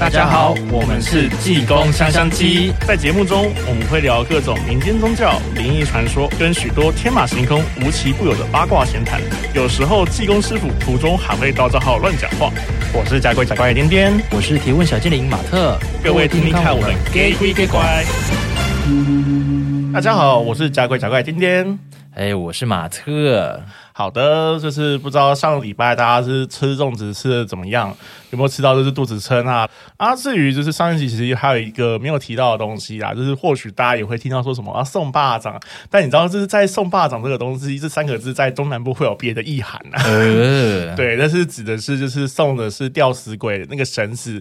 大家好，我們是濟公香香雞。在節目中，我們會聊各種民間宗教、靈異傳說，跟許多天馬行空，無奇不有的八卦閒談。有時候，濟公師傅途中還會到賬號亂講話。我是甲鬼甲怪顛顛，我是提問小精靈馬特。各位聽聽看，我們甲鬼甲怪。大家好，我是甲鬼甲怪顛顛。哎、欸，我是馬特。好的，就是不知道上禮拜大家是吃粽子吃的怎麼樣，有沒有吃到就是肚子撐啊？啊，至於就是上一集其實還有一個沒有提到的東西啦，就是或許大家也會聽到說什麼啊送肉粽，但你知道這是在送肉粽這個東西這三個字在中南部會有別的意涵啊。呃、 對，但是指的是就是送的是吊死鬼的那個繩子，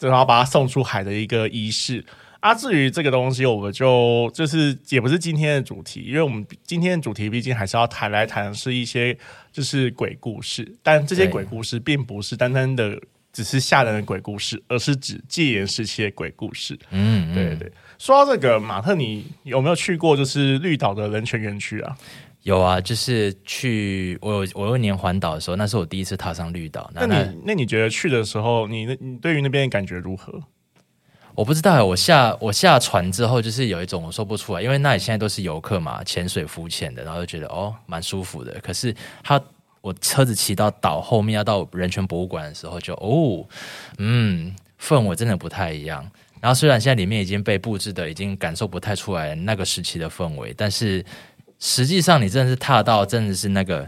然、就、後、是、把它送出海的一個儀式。啊，至於這個東西，我們就就是也不是今天的主題，因為我們今天的主題畢竟還是要談來談，是一些就是鬼故事。但這些鬼故事並不是單單的只是嚇人的鬼故事，而是指戒嚴時期的鬼故事嗯。嗯，對對。說到這個，馬特，你有沒有去過就是綠島的人權園區啊？有啊，就是去我有我有一年環島的時候，那是我第一次踏上綠島。那，那，那你那你覺得去的時候，你你對於那邊的感覺如何？我不知道，我下我下船之後，就是有一種我說不出來，因為那裡現在都是遊客嘛，潛水浮潛的，然後就覺得哦，蠻舒服的。可是他，他我車子騎到島後面，要到人權博物館的時候就，就哦，嗯，氛圍真的不太一樣。然後雖然現在裡面已經被布置的，已經感受不太出來那個時期的氛圍，但是實際上你真的是踏到，真的是那個。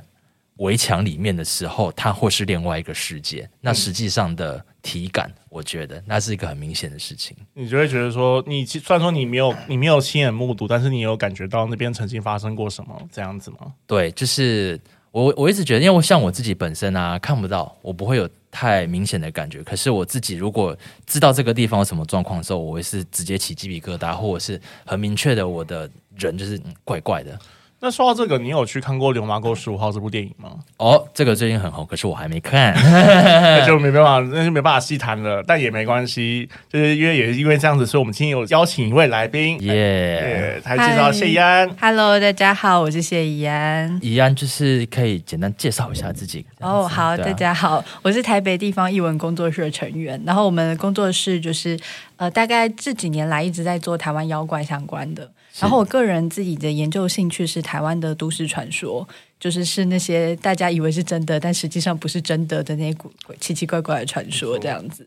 圍牆裡面的時候，它，或是另外一個世界。那實際上的體感，嗯，我覺得那是一個很明顯的事情。你就會覺得說，你雖然說你沒有，你沒有親眼目睹，但是你有感覺到那邊曾經發生過什麼這樣子嗎？對，就是我我一直覺得，因為我像我自己本身啊，看不到，我不會有太明顯的感覺。可是我自己如果知道這個地方有什麼狀況的時候，我會是直接起雞皮疙瘩，或者是很明確的，我的人就是怪怪的。那說到這個，你有去看過《流麻溝十五號》這部電影嗎？哦，這個最近很紅，可是我還沒看， 那就沒辦法，那就沒辦法細談了。但也沒關係，就是因為也因為這樣子，所以我們今天有邀請一位來賓，耶、yeah.！來介紹謝宜安。Hello，大家好，我是謝宜安。宜安就是可以簡單介紹一下自己哦、oh, 啊。好，大家好，我是台北地方異聞工作室的成員。然後我們的工作室就是呃，大概這幾年來一直在做台灣妖怪相關的。然後，我個人自己的研究興趣是台灣的都市傳說，就是是那些大家以為是真的，但實際上不是真的的那些奇奇怪怪的傳說，這樣子。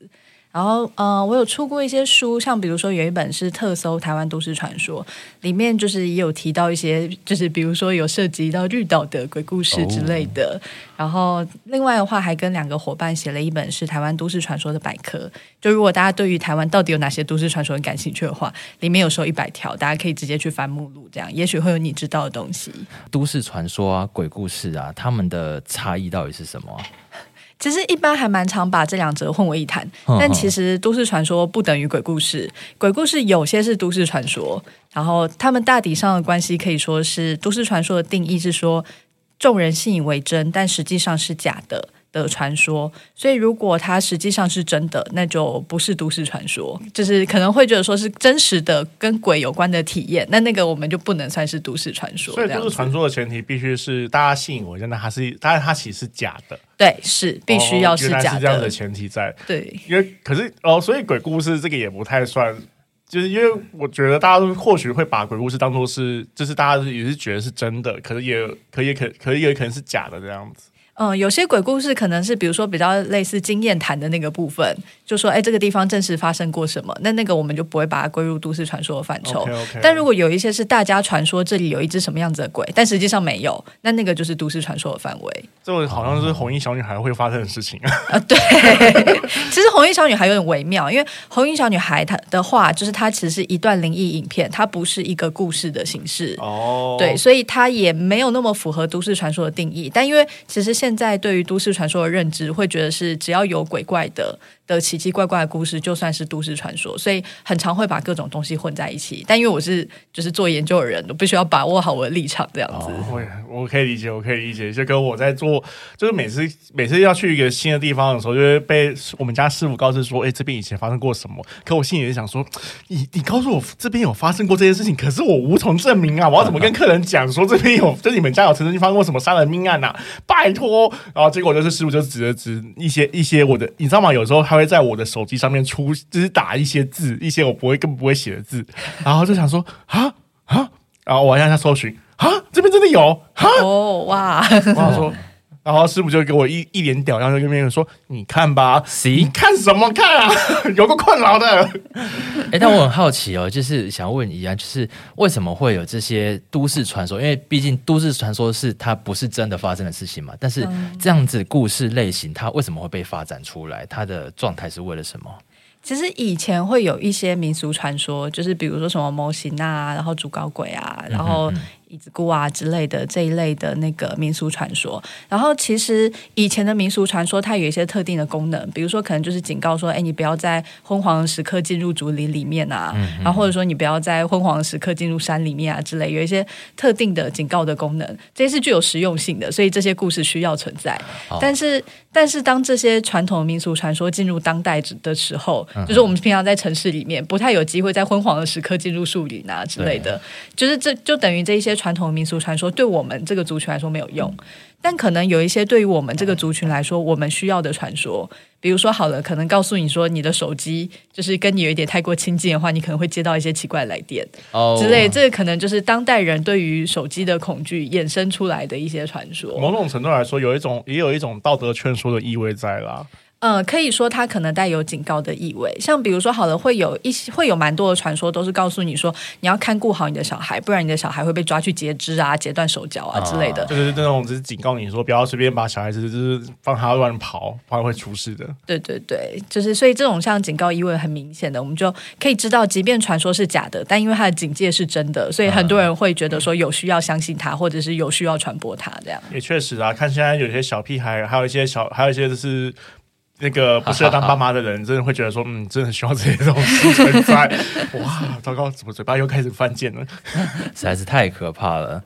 然後，呃，我有出過一些書，像比如說有一本是特搜台灣都市傳說，裡面就是也有提到一些，就是比如說有涉及到綠島的鬼故事之類的。哦、然後，另外的話還跟兩個夥伴寫了一本是台灣都市傳說的百科。就如果大家對於台灣到底有哪些都市傳說很感興趣的話，裡面有收一百條，大家可以直接去翻目錄，這樣也許會有你知道的東西。都市傳說啊，鬼故事啊，他們的差異到底是什麼？其實一般還蠻常把這兩者混為一談，但其實都市傳說不等於鬼故事，鬼故事有些是都市傳說，然後他們大抵上的關係可以說是都市傳說的定義是說，眾人信以為真，但實際上是假的。的傳說，所以如果它實際上是真的，那就不是都市傳說，就是可能會覺得說是真實的跟鬼有關的體驗，那那個我們就不能算是都市傳說。所以都市傳說的前提必須是大家信以為真的，還是當然它其實是假的？對，是必須要是假的。哦、是這樣的前提在對，因為可是哦，所以鬼故事這個也不太算，就是因為我覺得大家或許會把鬼故事當做是，就是大家也是覺得是真的，可是也可也可可以有可能是假的這樣子。嗯，有些鬼故事可能是，比如說比較類似經驗談的那個部分，就說哎、欸，這個地方真實發生過什麼？那那個我們就不會把它歸入都市傳說的範疇。Okay, okay. 但如果有一些是大家傳說這裡有一隻什麼樣子的鬼，但實際上沒有，那那個就是都市傳說的範圍。就好像是紅衣小女孩會發生的事情啊！對， 其實紅衣小女孩有點微妙，因為紅衣小女孩她的話，就是她其實是一段靈異影片，它不是一個故事的形式哦。Oh. 對，所以它也沒有那麼符合都市傳說的定義。但因為其實。現在對於都市傳說的認知，會覺得是只要有鬼怪的的奇奇怪怪的故事就算是都市傳說，所以很常會把各種東西混在一起。但因為我是就是做研究的人，我必須要把握好我的立場這樣子。我、哦、我可以理解，我可以理解。就跟我在做，就是每次每次要去一個新的地方的時候，就會、是、被我們家師傅告知說：“哎、欸，這邊以前發生過什麼？”可我心裡就想說：“你你告訴我這邊有發生過這些事情，可是我無從證明啊！我要怎麼跟客人講說這邊有、嗯啊？就你們家有曾經發生過什麼殺人命案啊？拜託！”然後結果就是師傅就指了指一些一些我的，你知道嗎？有時候。他會在我的手機上面出，就是打一些字，一些我不會、更不會寫的字，然後就想說啊啊，然後我讓他搜尋啊，這邊真的有啊，哇！Oh, wow. 我想說。然後師傅就給我一一臉屌樣，就跟別人說：“你看吧，See? 你看什麼看啊？有個困擾的。欸”哎，但我很好奇哦，就是想問宜安，就是為什麼會有這些都市傳說？因為畢竟都市傳說是它不是真的發生的事情嘛。但是這樣子故事類型，它為什麼會被發展出來？它的狀態是為了什麼？其實以前會有一些民俗傳說，就是比如說什麼魔神仔啊，然後竹篙鬼啊，然後嗯嗯。椅仔姑啊之類的這一類的那個民俗傳說，然後其實以前的民俗傳說它有一些特定的功能，比如說可能就是警告說，哎、欸，你不要在昏黃的時刻進入竹林裡面啊嗯嗯，然後或者說你不要在昏黃的時刻進入山裡面啊之類，有一些特定的警告的功能，這些是具有實用性的，所以這些故事需要存在。但是但是當這些傳統的民俗傳說進入當代的時候嗯嗯，就是我們平常在城市裡面不太有機會在昏黃的時刻進入樹林啊之類的，就是這就等於這一些。傳統民俗傳說對我們這個族群來說沒有用，但可能有一些對於我們這個族群來說我們需要的傳說，比如說，好了，可能告訴你說你的手機就是跟你有一點太過親近的話，你可能會接到一些奇怪的來電哦、oh. 之類，這個可能就是當代人對於手機的恐懼衍生出來的一些傳說。某種程度來說，有一種也有一種道德勸說的意味在啦。嗯，可以說它可能帶有警告的意味，像比如說好了，會有一些會有蠻多的傳說，都是告訴你說，你要看顧好你的小孩，不然你的小孩會被抓去截肢啊、截斷手腳啊之類的。啊、就是這種只是警告你說，不要隨便把小孩子就是放他亂跑，不然會出事的。對對對，就是所以這種像警告意味很明顯的，我們就可以知道，即便傳說是假的，但因為它的警戒是真的，所以很多人會覺得說有需要相信它，嗯，或者是有需要傳播它這樣。也確實啊，看現在有些小屁孩，還有一些小還有一些就是。那個不適合當爸媽的人好好好好，真的會覺得說，嗯，真的很希望這些東西存在。 哇，糟糕，怎麼嘴巴又開始犯賤了？實在是太可怕了。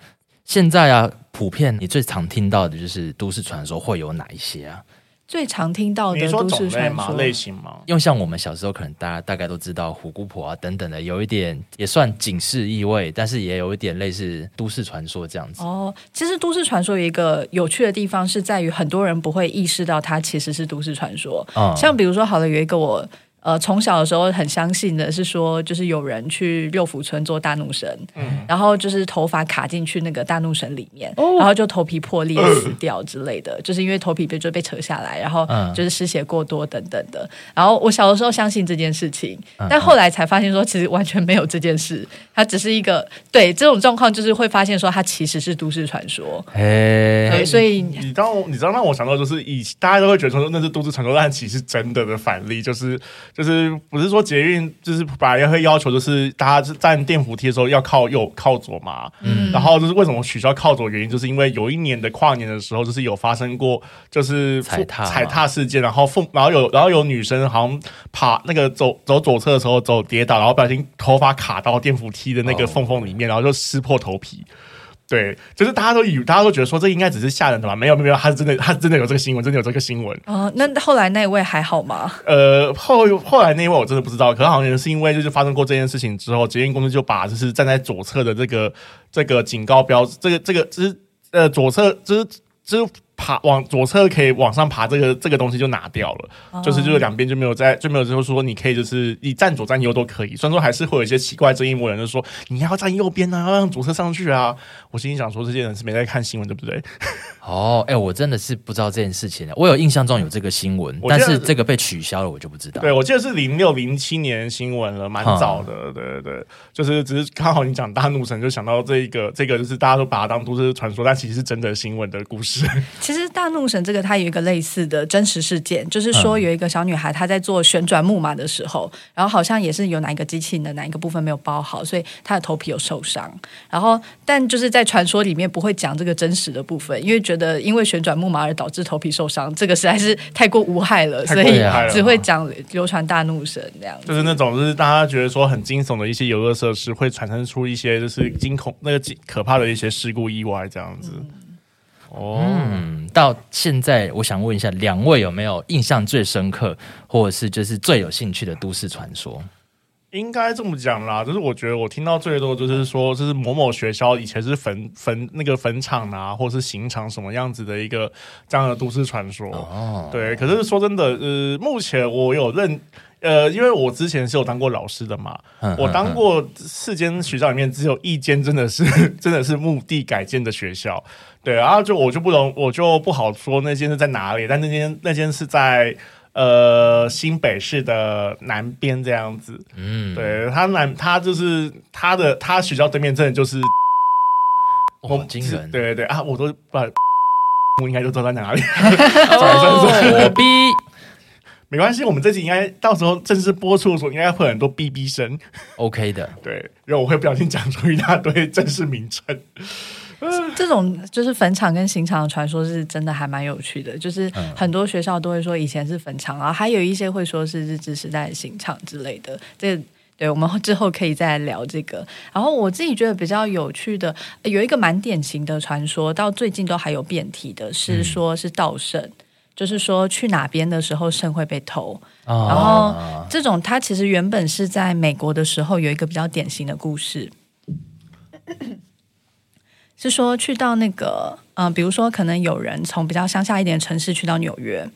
現在啊，普遍你最常聽到的就是都市傳說，會有哪一些啊？最常聽到的都市傳說,說類,類型嗎？因為像我們小時候，可能大家大概都知道虎姑婆啊等等的，有一點也算警示意味，但是也有一點類似都市傳說這樣子。哦，其實都市傳說有一個有趣的地方是在於，很多人不會意識到它其實是都市傳說。嗯，像比如說，好了，有一個我。呃，從小的時候很相信的是說，就是有人去六福村做大怒神，嗯、然後就是頭髮卡進去那個大怒神裡面，哦、然後就頭皮破裂死掉之類的、呃，就是因為頭皮被就被扯下來，然後就是失血過多等等的。嗯、然後我小的時候相信這件事情，嗯、但後來才發現說，其實完全沒有這件事，嗯、它只是一個對這種狀況，就是會發現說，它其實是都市傳說、欸。所以你知道你知道讓我想到就是以，以大家都會覺得說那是都市傳說，但其實真的的反例就是。就是不是說捷運就是，本來會要求就是大家站電扶梯的時候要靠右靠左嘛，嗯，然後就是為什麼取消靠左的原因，就是因為有一年的跨年的時候，就是有發生過就是踩踏踩踏事件，然後縫然後有然後有女生好像爬那個走走左側的時候走跌倒，然後不小心頭髮卡到電扶梯的那個縫縫裡面，然後就撕破頭皮。對，就是大家都以大家都覺得說，這應該只是嚇人的吧？沒有，沒有，他是真的，他真的有這個新聞，真的有這個新聞。哦，那後來那位還好嗎？呃，後後來那位我真的不知道。可能好像是因為就是發生過這件事情之後，捷運公司就把就是站在左側的這個這個警告標誌，這個這個這是呃左側，這是。這是爬往左側可以往上爬，這個這個東西就拿掉了，嗯、就是就是兩邊就沒有在就沒有，就說你可以就是你站左站右都可以。雖然說還是會有一些奇怪這一波人就說你要站右邊啊，要讓左側上去啊。我心裡想說這些人是沒在看新聞對不對？哦，哎、欸，我真的是不知道這件事情了。我有印象中有這個新聞，但是這個被取消了，我就不知道。對，我記得是零六零七年新聞了，蠻早的、嗯。對對對，就是只是剛好你講大怒神，就想到這一個這個就是大家都把它當都市傳說，但其實是真的新聞的故事。其實大怒神這個，它有一個類似的真實事件，就是說有一個小女孩她在做旋轉木馬的時候，嗯、然後好像也是有哪一個機器的哪一個部分沒有包好，所以她的頭皮有受傷。然後，但就是在傳說裡面不會講這個真實的部分，因為覺得因為旋轉木馬而導致頭皮受傷，這個實在是太過無害了，了所以只會講流傳大怒神這樣子、嗯。就是那種就是大家覺得說很驚悚的一些遊樂設施，會產生出一些就是驚恐、那個驚可怕的一些事故意外這樣子。嗯哦、嗯，到現在我想問一下，兩位有沒有印象最深刻，或者是就是最有興趣的都市傳說？應該這麼講啦，就是我覺得我聽到最多就是說，就是某某學校以前是墳墳那個墳場啊，或是刑場什麼樣子的一個這樣的都市傳說。哦，對，可是說真的，呃，目前我有認。呃，因為我之前是有當過老師的嘛，哼哼哼，我當過四間學校裡面只有一間真的是真的是墓地改建的學校，對，然、啊、後就我就不懂，我就不好說那間是在哪裡，但那間那間是在呃新北市的南邊這樣子，嗯，對他南他就是他的他學校對面真的就是、哦，我驚人，對對對啊，我都不知道， 我應該就都坐在哪裡， 沒關係，我們這次應該到時候正式播出的時候，應該會很多嗶嗶聲。OK 的， 對，因為我會不小心講出一大堆正式名稱。嗯 這種就是墳場跟刑場的傳說是真的還蠻有趣的，就是很多學校都會說以前是墳場、嗯、然後還有一些會說是日治時代刑場之類的。這個、對，我們之後可以再來聊這個。然後我自己覺得比較有趣的，有一個蠻典型的傳說，到最近都還有變體的，是說是道聖。嗯就是說，去哪邊的時候腎會被偷、哦，然後這種他其實原本是在美國的時候有一個比較典型的故事，嗯、是說去到那個嗯、呃，比如說可能有人從比較鄉下一點的城市去到紐約，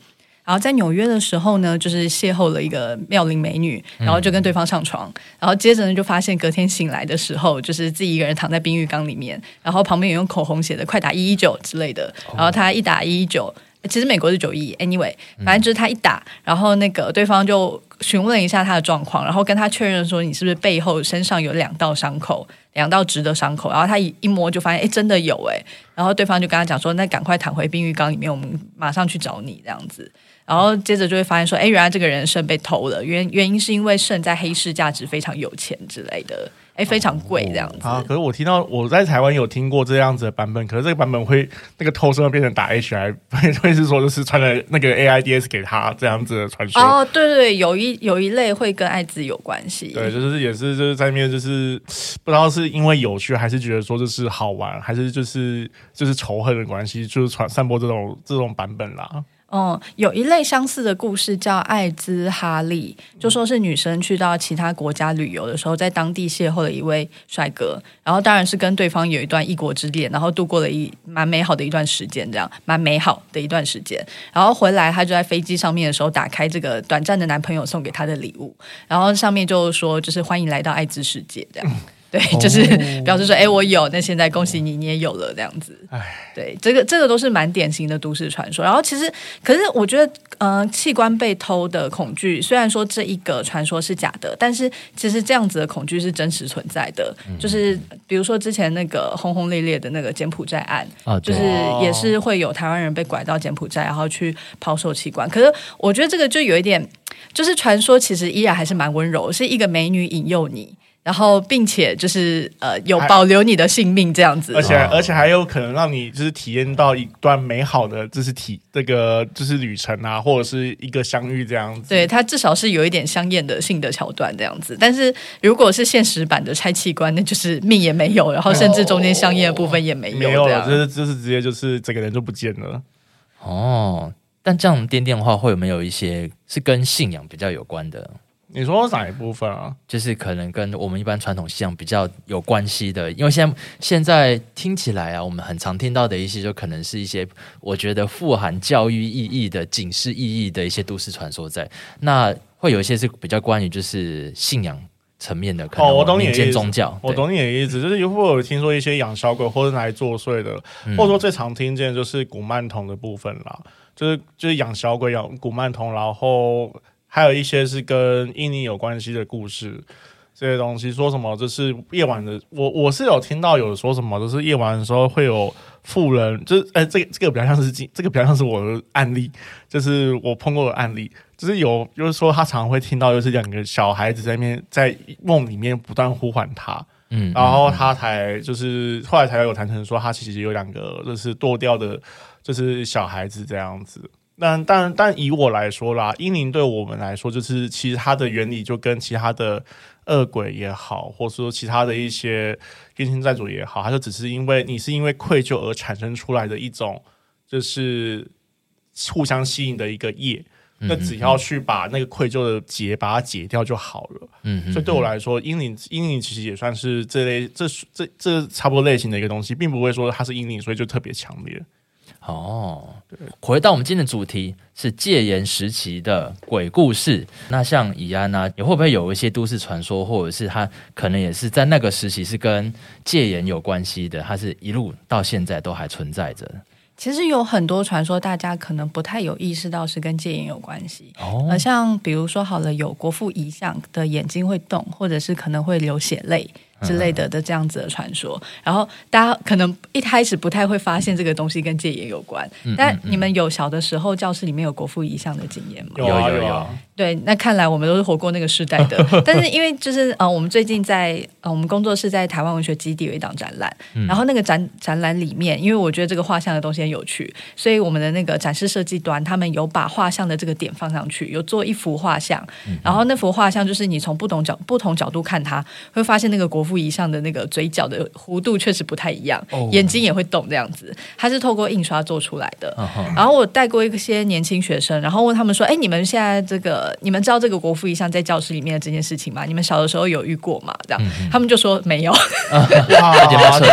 然後在紐約的時候呢，就是邂逅了一個妙齡美女，然後就跟對方上床，嗯、然後接着呢就發現隔天醒來的時候，就是自己一個人躺在冰浴缸裡面，然後旁邊有用口紅寫的“快打一一九”之類的，然後他一打一一九，哦，然後他一打一一九。其實美國是九一一，anyway，反正就是他一打，然後那個對方就詢問一下他的狀況，然後跟他確認說，你是不是背後身上有兩道傷口，兩道直的傷口，然後他一一摸就發現，哎，真的有哎，然後對方就跟他講說，那趕快躺回冰浴缸裡面，我們馬上去找你這樣子，然後接着就會發現說，哎，原來這個人腎被偷了，原原因是因為腎在黑市價值非常有錢之類的。哎，欸，非常貴這樣子。哦，啊！可是我聽到我在台灣有聽過這樣子的版本，可是這個版本會那個偷腎會變成打 H I，會會是說就是傳了那個 A I D S 給他這樣子的傳說哦。對，對對，有一有一類會跟艾滋有關係，對，就是也是就是在那邊就是不知道是因為有趣還是覺得說就是好玩，還是就是就是仇恨的關係，就是傳散播這種這種版本啦。嗯，有一類相似的故事叫艾滋哈利，就說是女生去到其他國家旅遊的時候，在當地邂逅了一位帥哥，然後當然是跟對方有一段異國之戀，然後度過了一蠻美好的一段時間，這樣蠻美好的一段時間。然後回來，她就在飛機上面的時候，打開這個短暫的男朋友送給她的禮物，然後上面就說就是歡迎來到艾滋世界這樣。嗯對，就是表示、oh. 說說，哎，我有，那現在恭喜你，你也有了這樣子。對，這個這個都是蠻典型的都市傳說。然後其實，可是我覺得，呃，器官被偷的恐懼，雖然說這一個傳說是假的，但是其實這樣子的恐懼是真實存在的。嗯、就是比如說之前那個轟轟烈烈的那個柬埔寨案，oh, 就是也是會有台灣人被拐到柬埔寨，然後去拋售器官。可是我覺得這個就有一點，就是傳說其實依然還是蠻溫柔，是一個美女引誘你。然後，並且就是呃，有保留你的性命這樣子，而且、哦、而且還有可能讓你就是體驗到一段美好的就是體這個就是旅程啊，或者是一個相遇這樣子。對，它至少是有一點香艷的性的橋段這樣子，但是如果是現實版的拆器官，那就是命也沒有，然後甚至中間香艷的部分也沒有、哦。沒有，就是就是直接就是整個人就不見了。哦，但這樣顛顛的話會有沒有一些是跟信仰比較有關的？你說哪一部分啊？就是可能跟我們一般傳統信仰比較有關係的，因為現在現在聽起來啊，我們很常聽到的一些，就可能是一些我覺得富含教育意義的警示意義的一些都市傳說在，在那會有一些是比較關於就是信仰層面的。可能有宗教哦，我懂你的意思。宗教，我懂你的意思，就是如果有聽說一些養小鬼或者是來作祟的？或者說最常聽見就是古曼童的部分啦，嗯、就是就是養小鬼養古曼童，然後。還有一些是跟印尼有關係的故事。這些東西說什麼就是夜晚的，我我是有聽到有說什麼，就是夜晚的時候會有婦人，就是哎、欸，這個這個比較像是這，這個比較像是我的案例，就是我碰過的案例，就是有就是說他常，常會聽到，就是兩個小孩子在面在夢裡面不斷呼喚他，嗯，嗯，嗯，然後他才就是後來才有談成說他其實有兩個就是墮掉的，就是小孩子這樣子。但但但以我來說啦，陰靈對我們來說，就是其實它的原理就跟其他的惡鬼也好，或者說其他的一些冤親債主也好，它就只是因為你是因為愧疚而產生出來的一種，就是互相吸引的一個業。那只要去把那個愧疚的結、嗯嗯嗯、把它解掉就好了。嗯，嗯，嗯、所以對我來說，陰靈陰靈其實也算是這類這這這差不多類型的一個東西，並不會說它是陰靈，所以就特別強烈。哦，回到我們今天的主題是戒嚴時期的鬼故事。那像宜安呢？也會不會有一些都市傳說，或者是它可能也是在那個時期是跟戒嚴有關係的？它是一路到現在都還存在着。其實有很多傳說，大家可能不太有意識到是跟戒嚴有關係。哦，像比如說好了，有國父遺像的眼睛會動，或者是可能會流血淚。之類的的這樣子的傳說，然後大家可能一開始不太會發現這個東西跟戒嚴有關，嗯嗯嗯，但你們有小的時候教室裡面有國父遺像的經驗嗎？有啊有啊。對，那看來我們都是活過那個時代的，但是因為就是呃，我們最近在呃，我們工作室在台灣文學基地有一檔展覽，然後那個展展覽裡面，因為我覺得這個畫像的東西很有趣，所以我們的那個展示設計端，他們有把畫像的這個點放上去，有做一幅畫像，然後那幅畫像就是你從不同角不同角度看它，會發現那個國父遺像的那個嘴角的弧度確實不太一樣，眼睛也會動這樣子，它是透過印刷做出來的，然後我帶過一些年輕學生，然後問他們說，哎，你們現在這個。你們知道這個國父遺像在教室裡面的這件事情嗎？你們小的時候有遇過嗎？這樣、嗯，他們就說沒有，好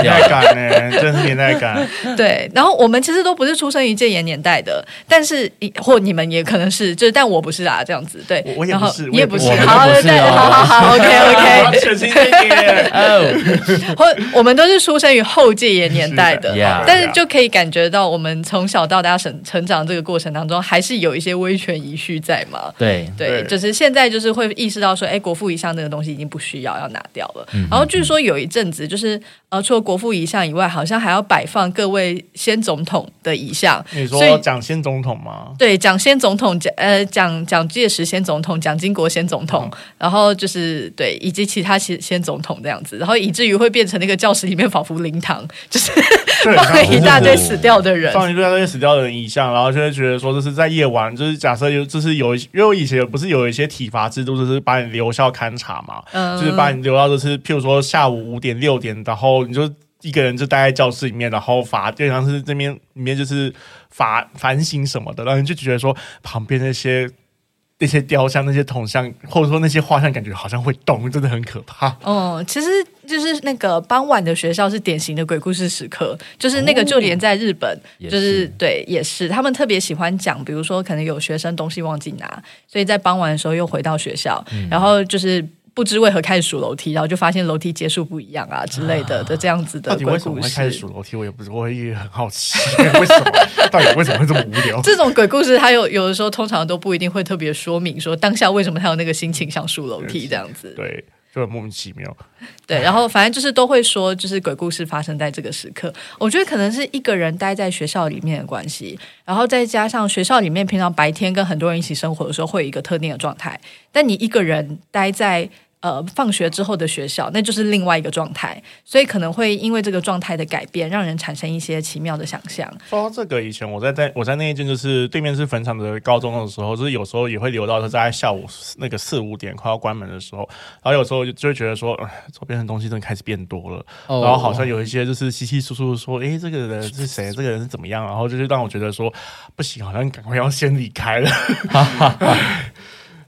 年代感哎， 真是年代感。對，然後我們其實都不是出生於戒嚴年代的，但是或你們也可能是，就是但我不是啊，這樣子。對，我也不是，然後我也不是，你也不是，不是好是、啊對對對，對，好好好是、啊、，OK OK，全或我、， 哦、 我，我們都是出生於後戒嚴年代的，是的 yeah, 但是就可以感覺到，我們從小到大成成長這個過程當中，yeah. 還是有一些威權遺緒在嘛？對。對，對，對，就是現在就是會意識到說，哎，國父遺像那個東西已經不需要要拿掉了、嗯。然後據說有一陣子就是。然、哦、後除了國父遺像以外，好像還要擺放各位先總統的遺像。你說蔣先總統嗎？對，蔣先總統，呃，蔣蔣介石先總統，蔣經國先總統，嗯、然後就是對，以及其他先先總統這樣子，然後以至於會變成那個教室裡面仿佛靈堂，就是 放一大堆死掉的人、嗯，放一大堆死掉的人遺像，然後就會覺得說，這是在夜晚，就是假設有，就是有一，因為我以前不是有一些體罰制度，就是把你留校勘察嘛、嗯，就是把你留到就是譬如說下午五點六點，然後。你就一個人就待在教室裡面，然後罰，就像是這邊裡面就是罰反省什麼的，然後你就覺得說旁邊那些那些雕像、那些銅像，或者說那些畫像，感覺好像會動，真的很可怕。嗯，其實就是那個傍晚的學校是典型的鬼故事時刻，就是那個就連在日本，哦、就是，也是對也是，他們特別喜歡講，比如說可能有學生東西忘記拿，所以在傍晚的時候又回到學校，嗯、然後就是。不知為何開始數樓梯，然後就發現樓梯階數不一樣啊之類的，啊、的這樣子的，你為什麼會開始數樓梯？我也不是，我也很好奇，為什麼？ 到底為什麼會這麼無聊？這種鬼故事它，他有有的時候通常都不一定會特別說明說當下為什麼他有那個心情想數樓梯這樣子。對。就很莫名其妙，對，嗯，然後反正就是都會說，就是鬼故事發生在這個時刻。我覺得可能是一個人待在學校裡面的關係，然後再加上學校裡面平常白天跟很多人一起生活的時候，會有一個特定的狀態。但你一個人待在。呃，放學之後的學校，那就是另外一個狀態，所以可能會因為這個狀態的改變，讓人產生一些奇妙的想象。說到這個，以前我在在我在那一間就是對面是墳場的高中的時候，就是有時候也會留到大概下午那個四五點快要關門的時候，然後有時候就會覺得說，呃、周邊的東西真的開始變多了，oh. 然後好像有一些就是稀稀疏疏說，哎、欸，這個人是誰？這個人是怎麼樣？然後就是讓我覺得說，不行，好像趕快要先離開了。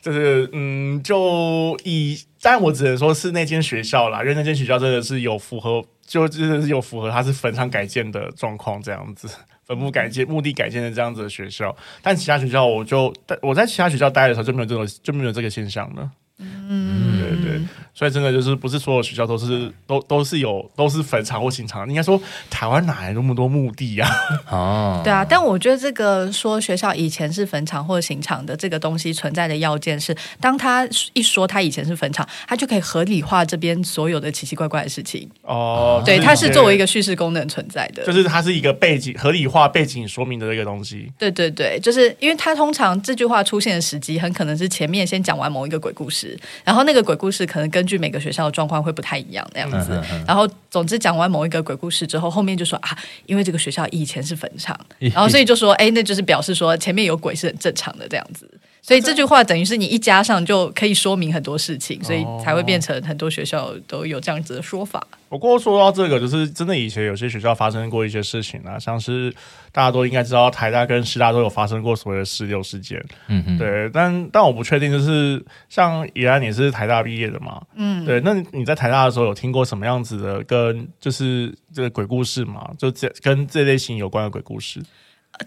就是嗯，就以。但我只能說是那間學校啦，因為那間學校真的是有符合，就真的是有符合它是墳場改建的狀況這樣子，墳墓改建，墓地改建的這樣子的學校。但其他學校我就，我在其他學校待的時候就沒有這種，就沒有這個現象了。嗯，對對對。所以，真的就是不是所有學校都是都都是有都是墳場或刑場。你應該說，台灣哪來那麼多墓地啊？哦、啊，對啊。但我覺得這個說學校以前是墳場或刑場的這個東西存在的要件是，當他一說他以前是墳場，他就可以合理化這邊所有的奇奇怪怪的事情。哦，對，他是，是作為一個敘事功能存在的，就是它是一個背景合理化背景說明的一個東西。對對對，就是因為他通常這句話出現的時機很可能是前面先講完某一個鬼故事，然後那個鬼故事可能跟根據每個學校的狀況會不太一樣那樣子，然後總之講完某一個鬼故事之後，後面就說啊，因為這個學校以前是墳場，然後所以就說，誒，那就是表示說前面有鬼是很正常的這樣子。所以這句話等於是你一加上就可以說明很多事情，所以才會變成很多學校都有這樣子的說法。哦、不過說到這個，就是真的以前有些學校發生過一些事情啊，像是大家都應該知道，台大跟師大都有發生過所謂的四六事件。嗯哼對。但但我不確定，就是像宜安你是台大畢業的嘛？嗯，對。那你在台大的時候有聽過什麼樣子的跟就是這個鬼故事嘛，就這跟這類型有關的鬼故事？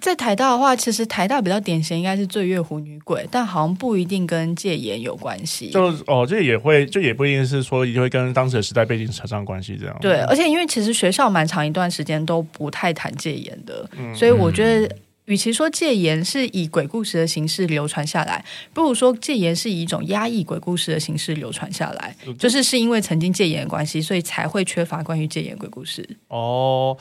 在台大的話，其實台大比較典型應該是醉月湖女鬼，但好像不一定跟戒嚴有關係。就哦，這也會，就也不一定是說，也會跟當時的時代背景扯上關係這樣。對，而且因為其實學校蠻長一段時間都不太談戒嚴的，嗯、所以我覺得。嗯與其說戒嚴是以鬼故事的形式流傳下來，不如說戒嚴是以一種壓抑鬼故事的形式流傳下來。就是是因為曾經戒嚴的關係，所以才會缺乏關於戒嚴鬼故事。哦，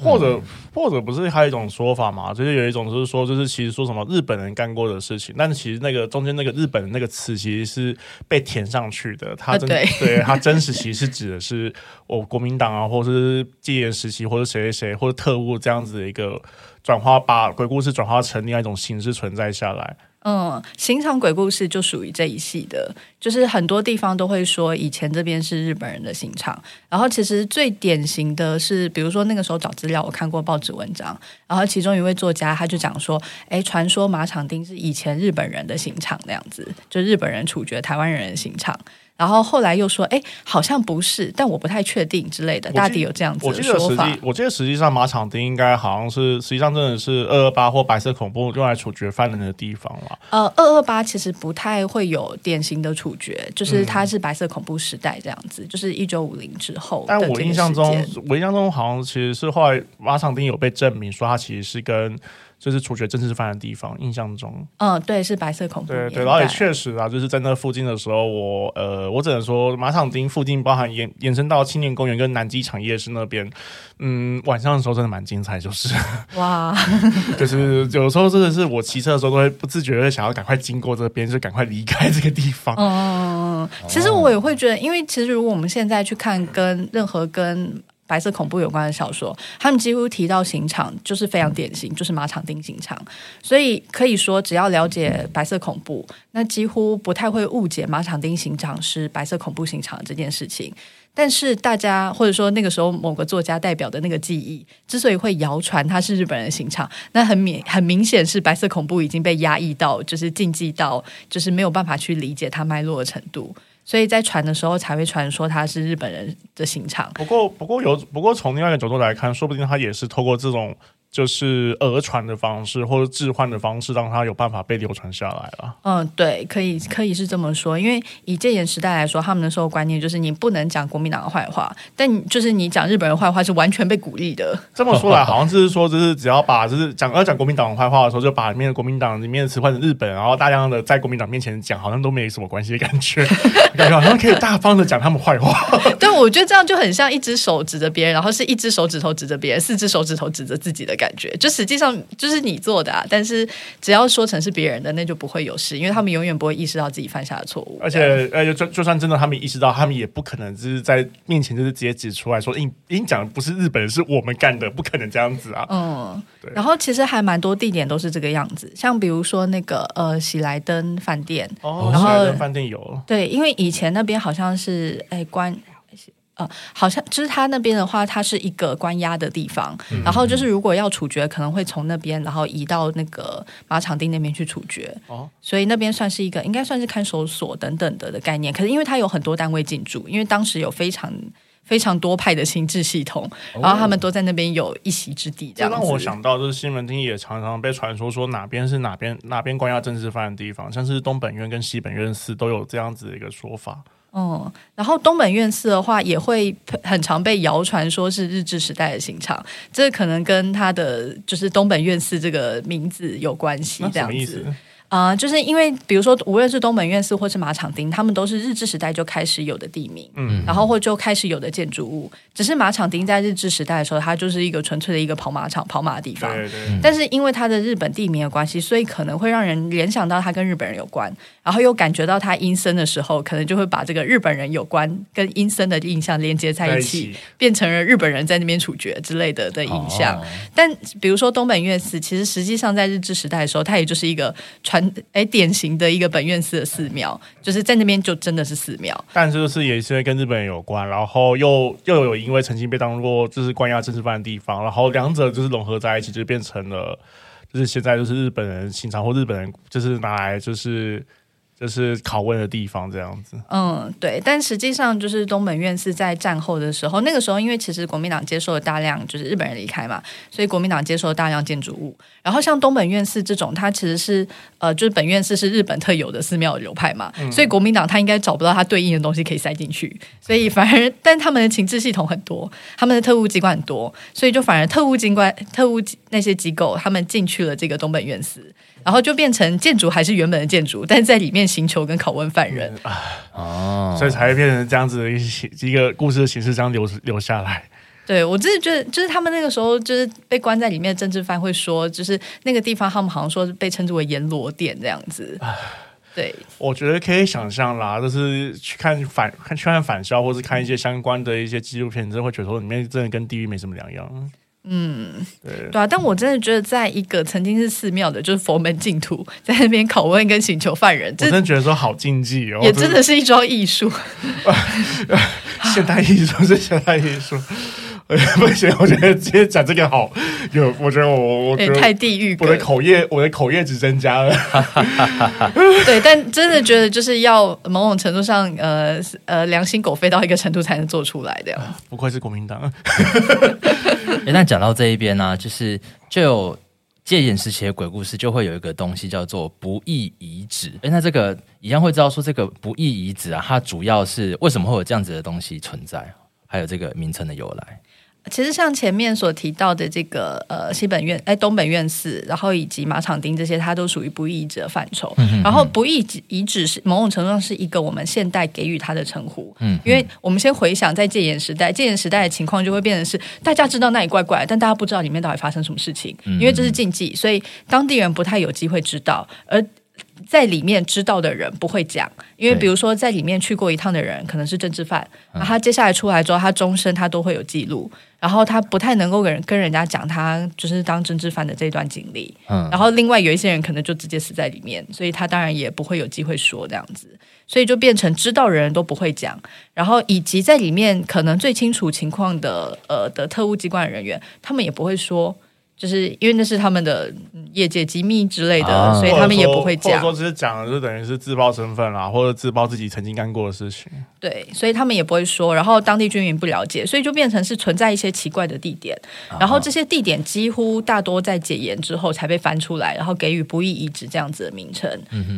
或者、嗯、或者不是還有一種說法嘛？就是有一種就是說，就是其實說什麼日本人幹過的事情，但其實那個中間那個日本的那個詞其實是被填上去的。它真、啊、對他真實其實是指的是我、 哦、國民黨啊，或者是戒嚴時期，或是誰誰誰，或者特務這樣子的一個。轉化，把鬼故事轉化成另外一種形式存在下來。嗯，刑場鬼故事就屬於這一系的，就是很多地方都會說以前這邊是日本人的刑場。然後其實最典型的是，比如說那個時候找資料，我看過報紙文章，然後其中一位作家他就講說，哎，傳說馬場町是以前日本人的刑場，那樣子就日本人處決臺灣人的刑場。然後後來又說，哎，好像不是，但我不太確定之類的。大抵有這樣子的說法我我。我記得實際上馬場町應該好像是，實際上真的是二二八或白色恐怖用來處決犯人的地方了。呃，二二八其實不太會有典型的處決，就是它是白色恐怖時代這樣子，嗯、就是一九五零之後。但我印象中，我印象中好像其實是後來馬場町有被證明說它其實是跟。就是處決政治犯的地方，印象中，嗯，對，是白色恐怖。對對，然後也確實啊，就是在那附近的時候，我呃，我只能說馬場町附近，包含延延伸到青年公園跟南機場夜市那邊，嗯，晚上的時候真的蠻精彩，就是哇， 就是有時候真的是我騎車的時候都會不自覺的想要趕快經過這邊，就趕快離開這個地方。嗯。其實我也會覺得，嗯、因為其實如果我們現在去看跟任何跟。白色恐怖有關的小說，他們幾乎提到刑場就是非常典型，就是馬場町刑場，所以可以說只要了解白色恐怖，那幾乎不太會誤解馬場町刑場是白色恐怖刑場這件事情。但是大家或者說那個時候某個作家代表的那個記憶，之所以會謠傳它是日本人的刑場，那很明很明顯是白色恐怖已經被壓抑到，就是禁忌到，就是沒有辦法去理解它脈絡的程度。所以在傳的時候才會傳說它是日本人的刑場。不過，不過有，不過從另外一個角度來看，說不定他也是透過這種。就是訛傳的方式或者置換的方式，讓他有辦法被流傳下來了。嗯，對，可以，可以是這麼說。因為以戒嚴時代來說，他們的時候的觀念就是你不能講國民黨的壞話，但就是你講日本人壞話是完全被鼓勵的。這麼說來，好像就是說，就是只要把就是講要講國民黨的壞話的時候，就把裡面的國民黨裡面的詞換成日本，然後大量的在國民黨面前講，好像都沒什麼關係的感覺， 感覺好像可以大方的講他們壞話。 對，我覺得這樣就很像一只手指着別人，然後是一只手指頭指着別人，四只手指頭指着自己的感覺。感覺就實際上就是你做的啊，但是只要說成是別人的，那就不會有事，因為他們永遠不會意識到自己犯下的錯誤。而且呃，就就算真的他們意識到，他們也不可能就是在面前就是直接指出來說，英英講的不是日本人，是我們幹的，不可能這樣子啊。嗯，對。然後其實還蠻多地點都是這個樣子，像比如說那個呃喜來登飯店，哦，喜來登飯店有，對，因為以前那邊好像是哎關。呃，好像就是他那邊的話，它是一個關押的地方，嗯。然後就是如果要處決，可能會從那邊然後移到那個馬場町那邊去處決。哦，所以那邊算是一個應該算是看守所等等的的概念。可是因為他有很多單位進駐，因為當時有非常非常多派的情治系統，哦，然後他們都在那邊有一席之地這。這樣讓我想到，就是西門町也常常被傳說說哪邊是哪邊哪邊關押政治犯的地方，像是東本願寺跟西本願寺都有這樣子的一個說法。哦、嗯，然後東本院寺的話，也會很常被謠傳說是日治時代的刑場，這可能跟他的就是東本院寺這個名字有關係，這樣子。啊、呃，就是因為比如說，無論是東本願寺或是馬場町，他們都是日治時代就開始有的地名，嗯，然後或就開始有的建築物。只是馬場町在日治時代的時候，它就是一個純粹的一個跑馬場，跑馬的地方。對對對。但是因為它的日本地名的關係，所以可能會讓人聯想到它跟日本人有關，然後又感覺到它陰森的時候，可能就會把這個日本人有關跟陰森的印象連接在一起，變成了日本人在那邊處決之類的的印象，哦。但比如說東本願寺，其實實際上在日治時代的時候，它也就是一個傳。哎、欸，典型的一個本願寺的寺廟，就是在那邊就真的是寺廟，但是是也是跟日本人有關，然後又又有因為曾經被當作就是關押政治犯的地方，然後兩者就是融合在一起，就變成了就是現在就是日本人經常或日本人就是拿來就是。就是拷問的地方，這樣子。嗯，對。但實際上，就是東本願寺在戰後的時候，那個時候，因為其實國民黨接收了大量，就是日本人離開嘛，所以國民黨接收了大量建築物。然後像東本願寺這種，他其實是呃，就是本願寺是日本特有的寺廟的流派嘛，嗯，所以國民黨他應該找不到他對應的東西可以塞進去，所以反而，但他們的情治系統很多，他們的特務機關很多，所以就反而特務機關、特務那些機構，他們進去了這個東本願寺。然後就變成建築還是原本的建築，但是在裡面刑求跟拷問犯人、嗯、啊，哦，所以才會變成這樣子的一一個故事的形式，這樣留留下來。對，我真的覺得，就是他們那個時候就是被關在裡面的政治犯，會說就是那個地方，他們好像說是被稱之為閻羅殿這樣子。對，我覺得可以想象啦，就是去看返看去看返校，或是看一些相關的一些紀錄片，你真的會覺得裡面真的跟地獄沒什麼兩樣。嗯，對對啊，但我真的覺得，在一個曾經是寺廟的，就是佛門淨土，在那邊拷問跟請求犯人，真的覺得說好禁忌哦，也真的是一樁藝術， 現代藝術是現代藝術。 不行，我覺得直接講這個好。有，我覺得我我，得我、欸、太地獄，我的口業我的口業值增加了。 對，但真的覺得就是要某種程度上，呃呃，良心狗飛到一個程度才能做出來的、啊。不愧是國民黨 、欸。那講到這一邊呢、啊，就是就有戒嚴時期的鬼故事，就會有一個東西叫做不義遺址、欸。那這個一樣會知道說，這個不義遺址啊，它主要是為什麼會有這樣子的東西存在，還有這個名稱的由來。其實像前面所提到的這個呃西本院哎，東本院寺，然後以及馬場町這些，它都屬於不義遺址的範疇。然後不義遺址是某種程度上是一個我們現代給予它的稱呼。因為我們先回想在戒嚴時代，戒嚴時代的情況就會變成是大家知道那裡怪怪，但大家不知道裡面到底發生什麼事情。因為這是禁忌，所以當地人不太有機會知道。而在裡面知道的人不會講，因為比如說在裡面去過一趟的人，可能是政治犯，那、嗯、然後他接下來出來之後，他終身他都會有記錄，然後他不太能夠跟人跟人家講他就是當政治犯的這段經歷、嗯，然後另外有一些人可能就直接死在裡面，所以他當然也不會有機會說這樣子，所以就變成知道的人都不會講，然後以及在裡面可能最清楚情況的呃的特務機關人員，他們也不會說。就是因為那是他們的業界機密之類的，啊、所以他們也不會講。我說只是講，就等於是自曝身份啦、啊，或者自曝自己曾經幹過的事情。對，所以他們也不會說。然後當地居民不了解，所以就變成是存在一些奇怪的地點。然後這些地點幾乎大多在解嚴之後才被翻出來，然後給予不義遺址這樣子的名稱。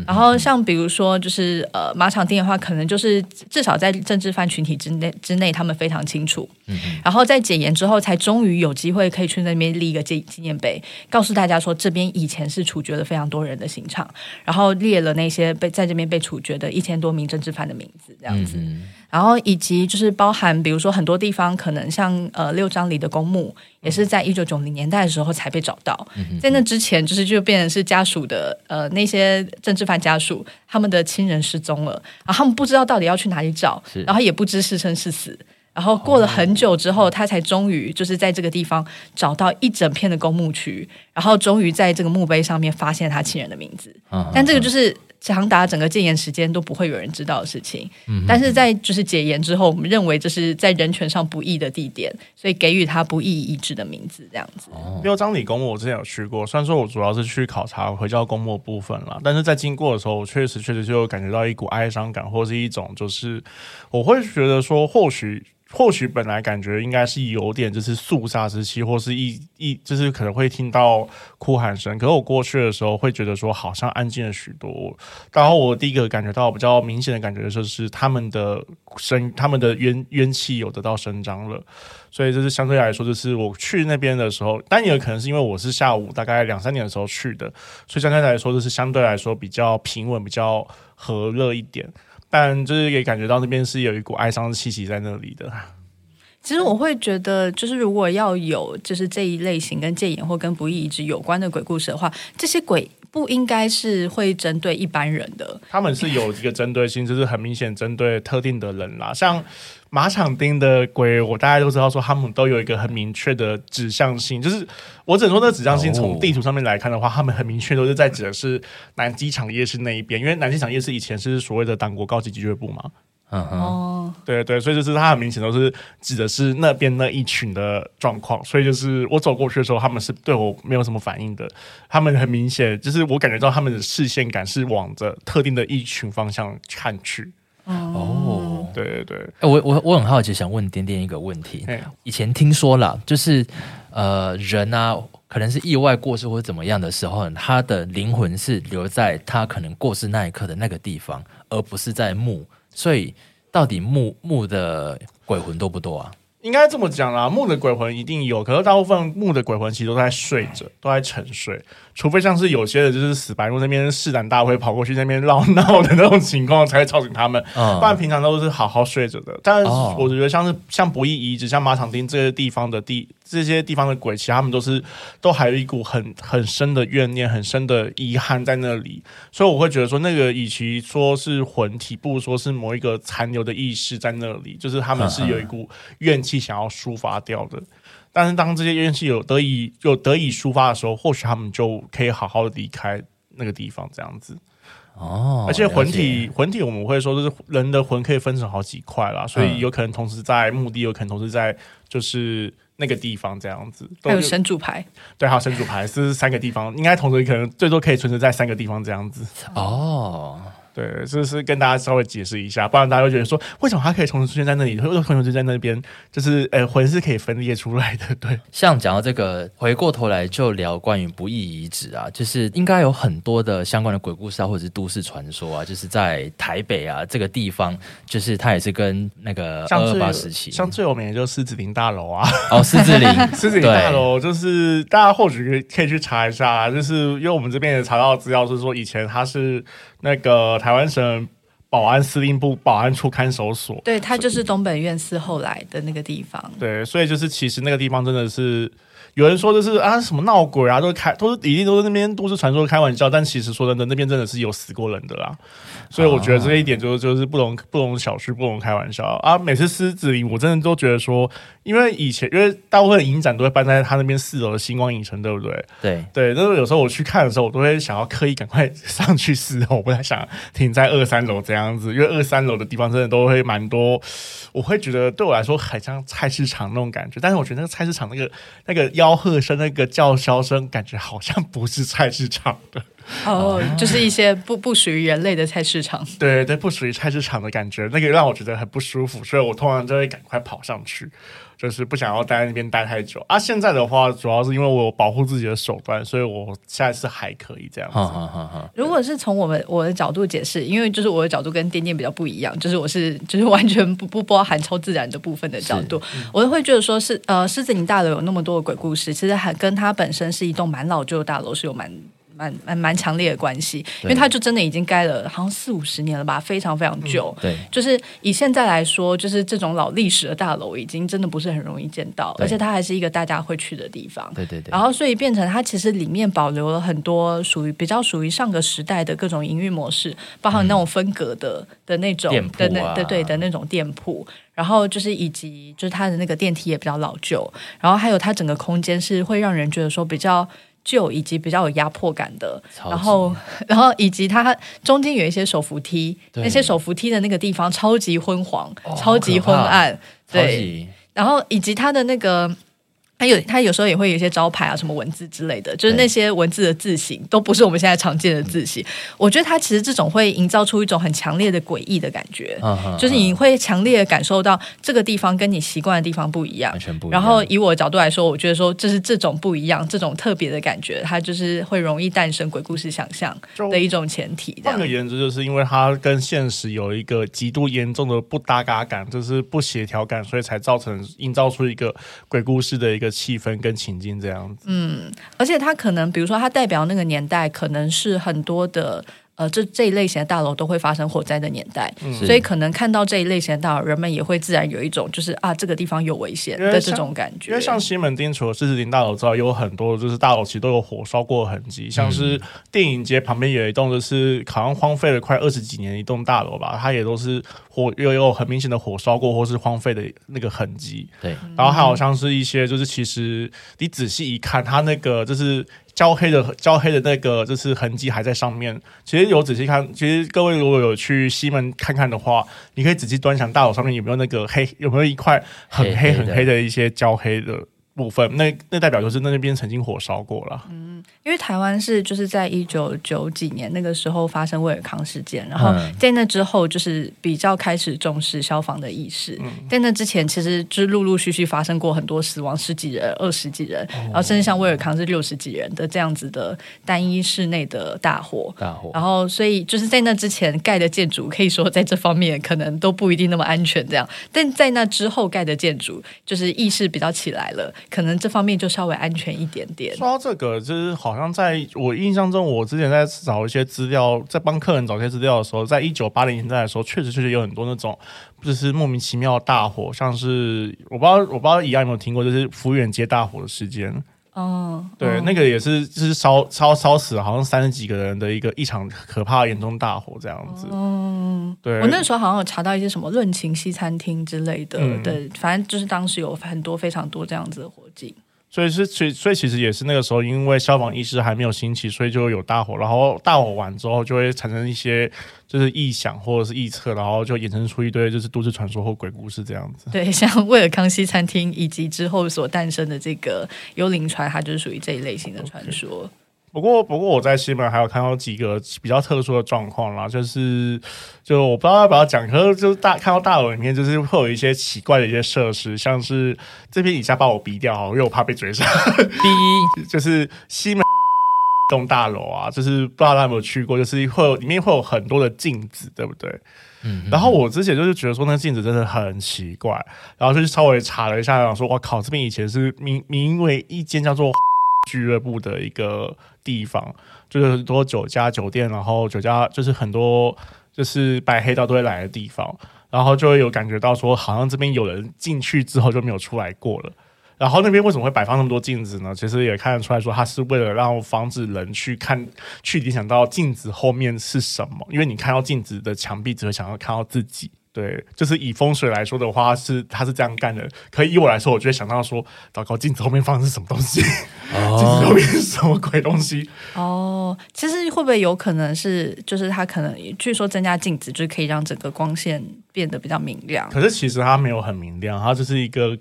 然後像比如說，就是呃馬場町的話，可能就是至少在政治犯群體之內之內，他們非常清楚。嗯，然後在解嚴之後，才終於有機會可以去那邊立一個記紀念碑告訴大家說，這邊以前是處決了非常多人的刑場，然後列了那些被在這邊被處決的一千多名政治犯的名字，這樣子。嗯、然後以及就是包含，比如說很多地方，可能像呃六張犁的公墓，也是在一九九零年代的時候才被找到。嗯、在那之前，就是就變成是家屬的呃那些政治犯家屬，他們的親人失蹤了，然後他們不知道到底要去哪裡找，然後也不知是生是死。然後過了很久之後，他才終於就是在這個地方找到一整片的公墓區，然後終於在這個墓碑上面發現他親人的名字。但這個就是長達整個戒嚴時間都不會有人知道的事情。嗯、但是在就是解嚴之後，我們認為這是在人權上不義的地點，所以給予他不義遺址的名字這樣子。六張犁公墓我之前有去過，雖然說我主要是去考察回教公墓部,部分了，但是在經過的時候，我確實確實就感覺到一股哀傷感，或是一種就是我會覺得說或許。或許本來感覺應該是有點就是肅殺之氣，或是一一就是可能會聽到哭喊聲。可是我過去的時候會覺得說好像安靜了許多。然後我第一個感覺到比較明顯的感覺就是他們的聲，他們的冤冤氣有得到聲張了。所以就是相對來說，就是我去那邊的時候，但也可能是因為我是下午大概兩三點的時候去的，所以相對來說就是相對來說比較平穩，比較和樂一點。但就是也感覺到那邊是有一股哀傷的氣息在那裡的。其實我會覺得，就是如果要有就是這一類型跟戒嚴或跟不義遺址有關的鬼故事的話，這些鬼不應該是會針對一般人的。他們是有一個針對性，就是很明顯針對特定的人啦，像。馬場町的鬼，我大概都知道，說他們都有一個很明確的指向性。就是我只能說那指向性，從地圖上面來看的話，oh. 他們很明確都是在指的是南機場夜市那一邊，因為南機場夜市以前是所謂的黨國高級集會部嘛。嗯嗯，對對，所以就是他很明顯都是指的是那邊那一群的狀況。所以就是我走過去的時候，他們是對我沒有什麼反應的。他們很明顯就是我感覺到他們的視線感是往着特定的一群方向看去。哦、oh.。對對，對、欸、我我我很好奇，想問點點一個問題。以前聽說了，就是呃，人啊，可能是意外過世或怎麼樣的時候，他的靈魂是留在他可能過世那一刻的那個地方，而不是在墓。所以，到底墓墓的鬼魂多不多啊？應該這麼講啦、啊，墓的鬼魂一定有，可是大部分墓的鬼魂其實都在睡着，都在沉睡，除非像是有些的，就是死白鹿那邊試膽大會跑過去那邊鬧鬧的那種情況才會吵醒他們、哦，不然平常都是好好睡着的。但是我覺得像是像不義遺址，像馬場町這些地方的地。這些地方的鬼，其實他們都是都還有一股很很深的怨念，很深的遺憾在那裡，所以我會覺得說，那個與其說是魂體，不如說是某一個殘留的意識在那裡，就是他們是有一股怨氣想要抒發掉的。呵呵。但是當這些怨氣有得以有得以抒發的時候，或許他們就可以好好的離開那個地方，這樣子哦。而且魂體魂體，我們會說，就是人的魂可以分成好幾塊啦，所以有可能同時在墓地，有可能同時在就是。那個地方這樣子都，還有神主牌，對，還有神主牌是三個地方，應該同時可能最多可以存存在三個地方這樣子哦。對，就是，是跟大家稍微解釋一下，不然大家會覺得說，為什麼他可以同時出現在那裡？為什麼朋友就在那邊？就是，呃，魂是可以分裂出來的。對，像講到這個，回過頭來就聊關於不義遺址啊，就是應該有很多的相關的鬼故事啊，或者是都市傳說啊，就是在台北啊這個地方，就是它也是跟那個二二八時期，像最，像最有名的就是獅子林大樓啊。哦，獅子林，獅 子林大樓，就是大家或許可，可以去查一下啊，就是因為我們這邊也查到的資料就是說，以前它是。那個台灣省保安司令部保安處看守所，對，它就是東本願寺後來的那個地方。對，所以就是其實那個地方真的是。有人說的、就是啊，什麼鬧鬼啊，都是開，都是一定都是那邊都市傳說開玩笑。但其實說真的，那邊真的是有死過人的啦。所以我覺得這一點就是哦、就是不容不容小覷，不容開玩笑啊。每次獅子林，我真的都覺得說，因為以前因為大部分的影展都會搬在他那邊四樓的星光影城，對不對？對對。但是有時候我去看的時候，我都會想要刻意趕快上去四樓，我不太想停在二三樓這樣子，因為二三樓的地方真的都會蠻多。我會覺得對我來說，很像菜市場那種感覺。但是我覺得那個菜市場那個那個要。吆喝聲、那個叫囂聲，感覺好像不是菜市場的哦，oh, 就是一些不不屬於人類的菜市場。 對對不屬於菜市場的感覺，那個讓我覺得很不舒服，所以我通常就會趕快跑上去。就是不想要待在那邊待太久啊！現在的話，主要是因為我有保護自己的手段，所以我現在是還可以這樣子。哈哈哈，哈！如果是從我們我的角度解釋，因為就是我的角度跟顛顛比較不一樣，就是我是就是完全不不，不包含超自然的部分的角度，我就會覺得說是呃獅子林大樓有那麼多的鬼故事，其實還跟它本身是一棟蠻老舊的大樓是有蠻蠻蠻蠻強烈的關係，因為它就真的已經蓋了好像四五十年了吧，非常非常舊，嗯。對，就是以現在來說，就是這種老歷史的大樓，已經真的不是很容易見到，而且它還是一個大家會去的地方。對對對。然後，所以變成它其實裡面保留了很多屬於比較屬於上個時代的各種營運模式，包含那種風格的、嗯、的那種店鋪、啊、的那的對、對的那種店鋪，然後就是以及就是它的那個電梯也比較老舊，然後還有它整個空間是會讓人覺得說比較。舊以及比較有壓迫感的，然後，然後以及它中間有一些手扶梯，那些手扶梯的那個地方超級昏黃，哦、超級昏暗，啊、對，然後以及它的那個。他有，他有時候也會有一些招牌啊，什麼文字之類的，就是那些文字的字形，欸、都不是我們現在常見的字形，嗯。我覺得他其實這種會營造出一種很強烈的詭異的感覺，啊，就是你會強烈的感受到這個地方跟你習慣的地方不一樣。完全不一樣。然後以我的角度來說，我覺得說就是這種不一樣，嗯、這種特別的感覺，它就是會容易誕生鬼故事想象的一種前提。換個言之就是因為它跟現實有一個極度嚴重的不搭嘎感，就是不協調感，所以才造成營造出一個鬼故事的一個。氣氛跟情境這樣子，嗯，而且他可能，比如說，他代表那個年代，可能是很多的。呃，這這一類型的大樓都會發生火災的年代，所以可能看到這一類型的大樓，人們也會自然有一種就是啊，這個地方有危險的這種感覺。因為像，因為像西門町除了獅子林大樓之外，有很多就是大樓其實都有火燒過的痕跡，像是電影街旁邊有一棟就是、嗯、好像荒廢了快二十幾年一棟大樓吧，它也都是火又有很明顯的火燒過或是荒廢的那個痕跡。對，然後還有像是一些就是其實你仔細一看，它那個就是。焦黑的焦黑的那個就是痕跡還在上面。其實有仔細看，其實各位如果有去西門看看的話，你可以仔細端詳大樓上面有沒有那個黑，有沒有一塊很黑很黑的一些焦黑的部分那，那代表就是那邊曾經火燒過了，嗯，因為台灣是就是在一九九幾年那個時候發生威爾康事件，然後在那之後就是比較開始重視消防的意識，嗯、在那之前其實就陸陸續續發生過很多死亡十幾人、二十幾人、哦，然後甚至像威爾康是六十幾人的這樣子的單一室內的大火，大、嗯、火，然後所以就是在那之前蓋的建築可以說在這方面可能都不一定那麼安全這樣，但在那之後蓋的建築就是意識比較起來了。可能這方面就稍微安全一點點。說到這個，就是好像在我印象中，我之前在找一些資料，在幫客人找一些資料的時候，在一九八零年代的時候，確實確實有很多那種，就是莫名其妙的大火，像是我不知道，我不知道宜安有沒有聽過，就是福源街大火的事件。嗯、哦，對、哦，那個也是就是燒燒燒死，好像三十幾個人的一個一場可怕嚴重大火這樣子。嗯、哦。對，我那時候好像有查到一些什麼“論情西餐廳”之類的，嗯，對，反正就是當時有很多非常多這樣子的火警。所以是，所以所以其實也是那個時候，因為消防意識還沒有興起，所以就有大火。然後大火完之後，就會產生一些就是臆想或者是臆測，然後就衍生出一堆就是都市傳說或鬼故事這樣子。對，像威爾康西餐廳以及之後所誕生的這個幽靈船，它就是屬於這一類型的傳說。Okay. 不過不過，不過我在西門還有看到幾個比較特殊的狀況啦，就是就我不知道要不要講，可是就是大看到大樓裡面，就是會有一些奇怪的一些設施，像是這邊以下把我逼掉，因為我怕被追上。第一，就是西門，棟大樓啊，就是不知道大家有沒有去過，就是會有裡面會有很多的鏡子，對不對？嗯，嗯。然後我之前就是覺得說那鏡子真的很奇怪，然後就稍微查了一下，想說哇靠，這邊以前是名名為一間叫做俱樂部的一個地方，就是很多酒家、酒店，然後酒家就是很多，就是白黑道都會來的地方，然後就會有感覺到說，好像這邊有人進去之後就沒有出來過了。然後那邊為什麼會擺放那麼多鏡子呢？其實也看得出來說，他是為了讓防止人去看，去聯想到鏡子後面是什麼，因為你看到鏡子的牆壁只會想要看到自己。對，就是以風水來說的話，是他是這樣幹的。可以以我來說，我就會想到說，糟糕，鏡子後面放的是什麼東西？Oh. 鏡子後面是什麼鬼東西？哦、oh,，其實會不會有可能是，就是他可能據說增加鏡子就可以讓整個光線。變得比較明亮，可是其實它沒有很明亮，它就是一個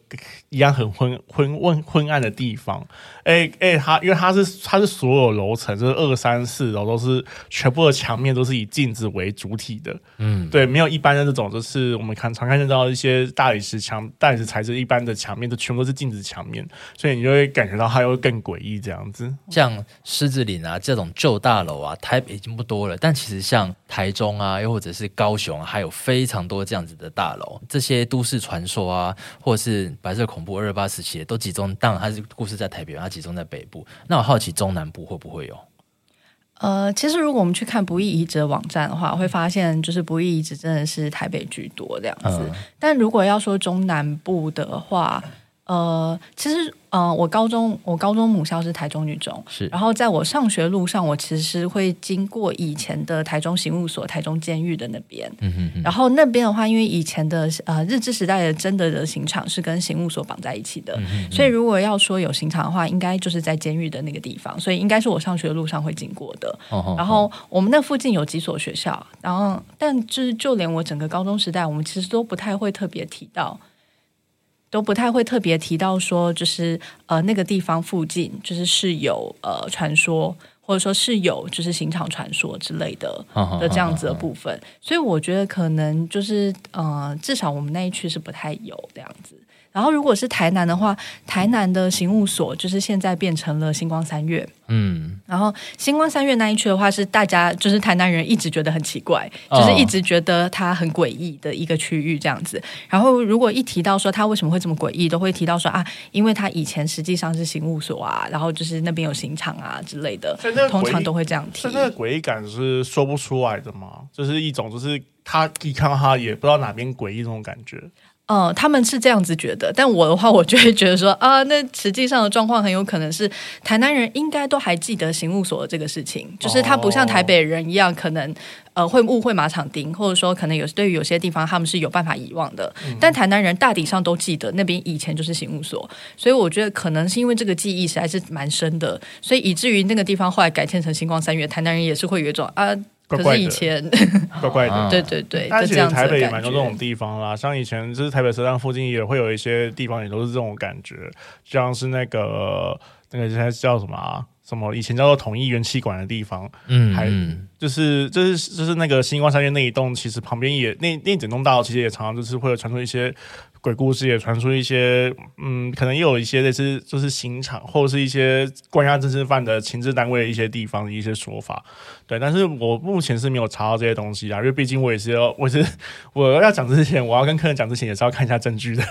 一樣很昏昏昏昏暗的地方。哎、欸、哎、欸，它因為它是它是所有樓層，就是二三四樓都是全部的牆面都是以鏡子為主體的。嗯，對，沒有一般的這種，就是我們看常看見到一些大理石牆、大理石材質一般的牆面，都全部都是鏡子牆面，所以你就會感覺到它又更詭異這樣子。像獅子林啊這種舊大樓啊，台北已經不多了，但其實像台中啊，又或者是高雄啊，還有非常多的。這樣子的大樓，這些都市傳說啊，或是白色恐怖二,二八時期，都集中當然還是故事在台北，它集中在北部。那我好奇中南部會不會有？呃，其實如果我們去看不易移植網站的話，我會發現就是不易移植真的是台北居多這樣子，嗯。但如果要說中南部的話，呃，其實呃，我高中我高中母校是台中女中，然後在我上學路上，我其實會經過以前的台中刑務所、台中監獄的那邊。嗯哼哼。然後那邊的話，因為以前的呃日治時代的真的的刑場是跟刑務所綁在一起的，嗯哼哼，所以如果要說有刑場的話，應該就是在監獄的那個地方。所以應該是我上學的路上會經過的。哦，然後，哦。我們那附近有幾所學校，然後但就是就連我整個高中時代，我們其實都不太會特別提到。都不太會特別提到說，就是呃那個地方附近，就是是有呃，傳說，或者說是有就是刑場傳說之類的好好的這樣子的部分，好好所以我覺得可能就是呃，至少我們那一區是不太有這樣子。然後，如果是台南的話，台南的刑務所就是現在變成了新光三越。嗯，然後新光三越那一區的話，是大家就是台南人一直覺得很奇怪，哦、就是一直覺得它很詭異的一個區域這樣子。然後，如果一提到說它為什麼會這麼詭異，都會提到說啊，因為它以前實際上是刑務所啊，然後就是那邊有刑場啊之類的，詭異通常都會這樣提。那詭異感是說不出來的嗎？就是一種，就是他一看到他也不知道哪邊詭異那種感覺。哦、呃，他們是這樣子覺得，但我的話，我就會覺得說啊，那實際上的狀況很有可能是，台南人應該都還記得刑務所的這個事情，就是他不像台北人一樣，可能呃會誤會馬場町，或者說可能有對於有些地方，他們是有辦法遺忘的，但台南人大抵上都記得那邊以前就是刑務所，所以我覺得可能是因為這個記憶實在是蠻深的，所以以至於那個地方後來改建成新光三越，台南人也是會有一種啊。可是以前怪怪的，對對對。但其實台北也蠻多這種地方啦，像以前就是台北車站附近也會有一些地方，也都是這種感覺，就像是那個那個現在叫什麼、啊、什麼，以前叫做統一元氣館的地方，嗯，還就是就是就是那個新光三越那一棟，其實旁邊也那那整棟大樓，其實也常常就是會有傳出一些。鬼故事也傳出一些，嗯，可能也有一些類似，就是刑場或者是一些關押政治犯的情治單位的一些地方的一些說法，對。但是我目前是沒有查到這些東西啦，因為畢竟我也是要，我是我要講之前，我要跟客人講之前，也是要看一下證據的。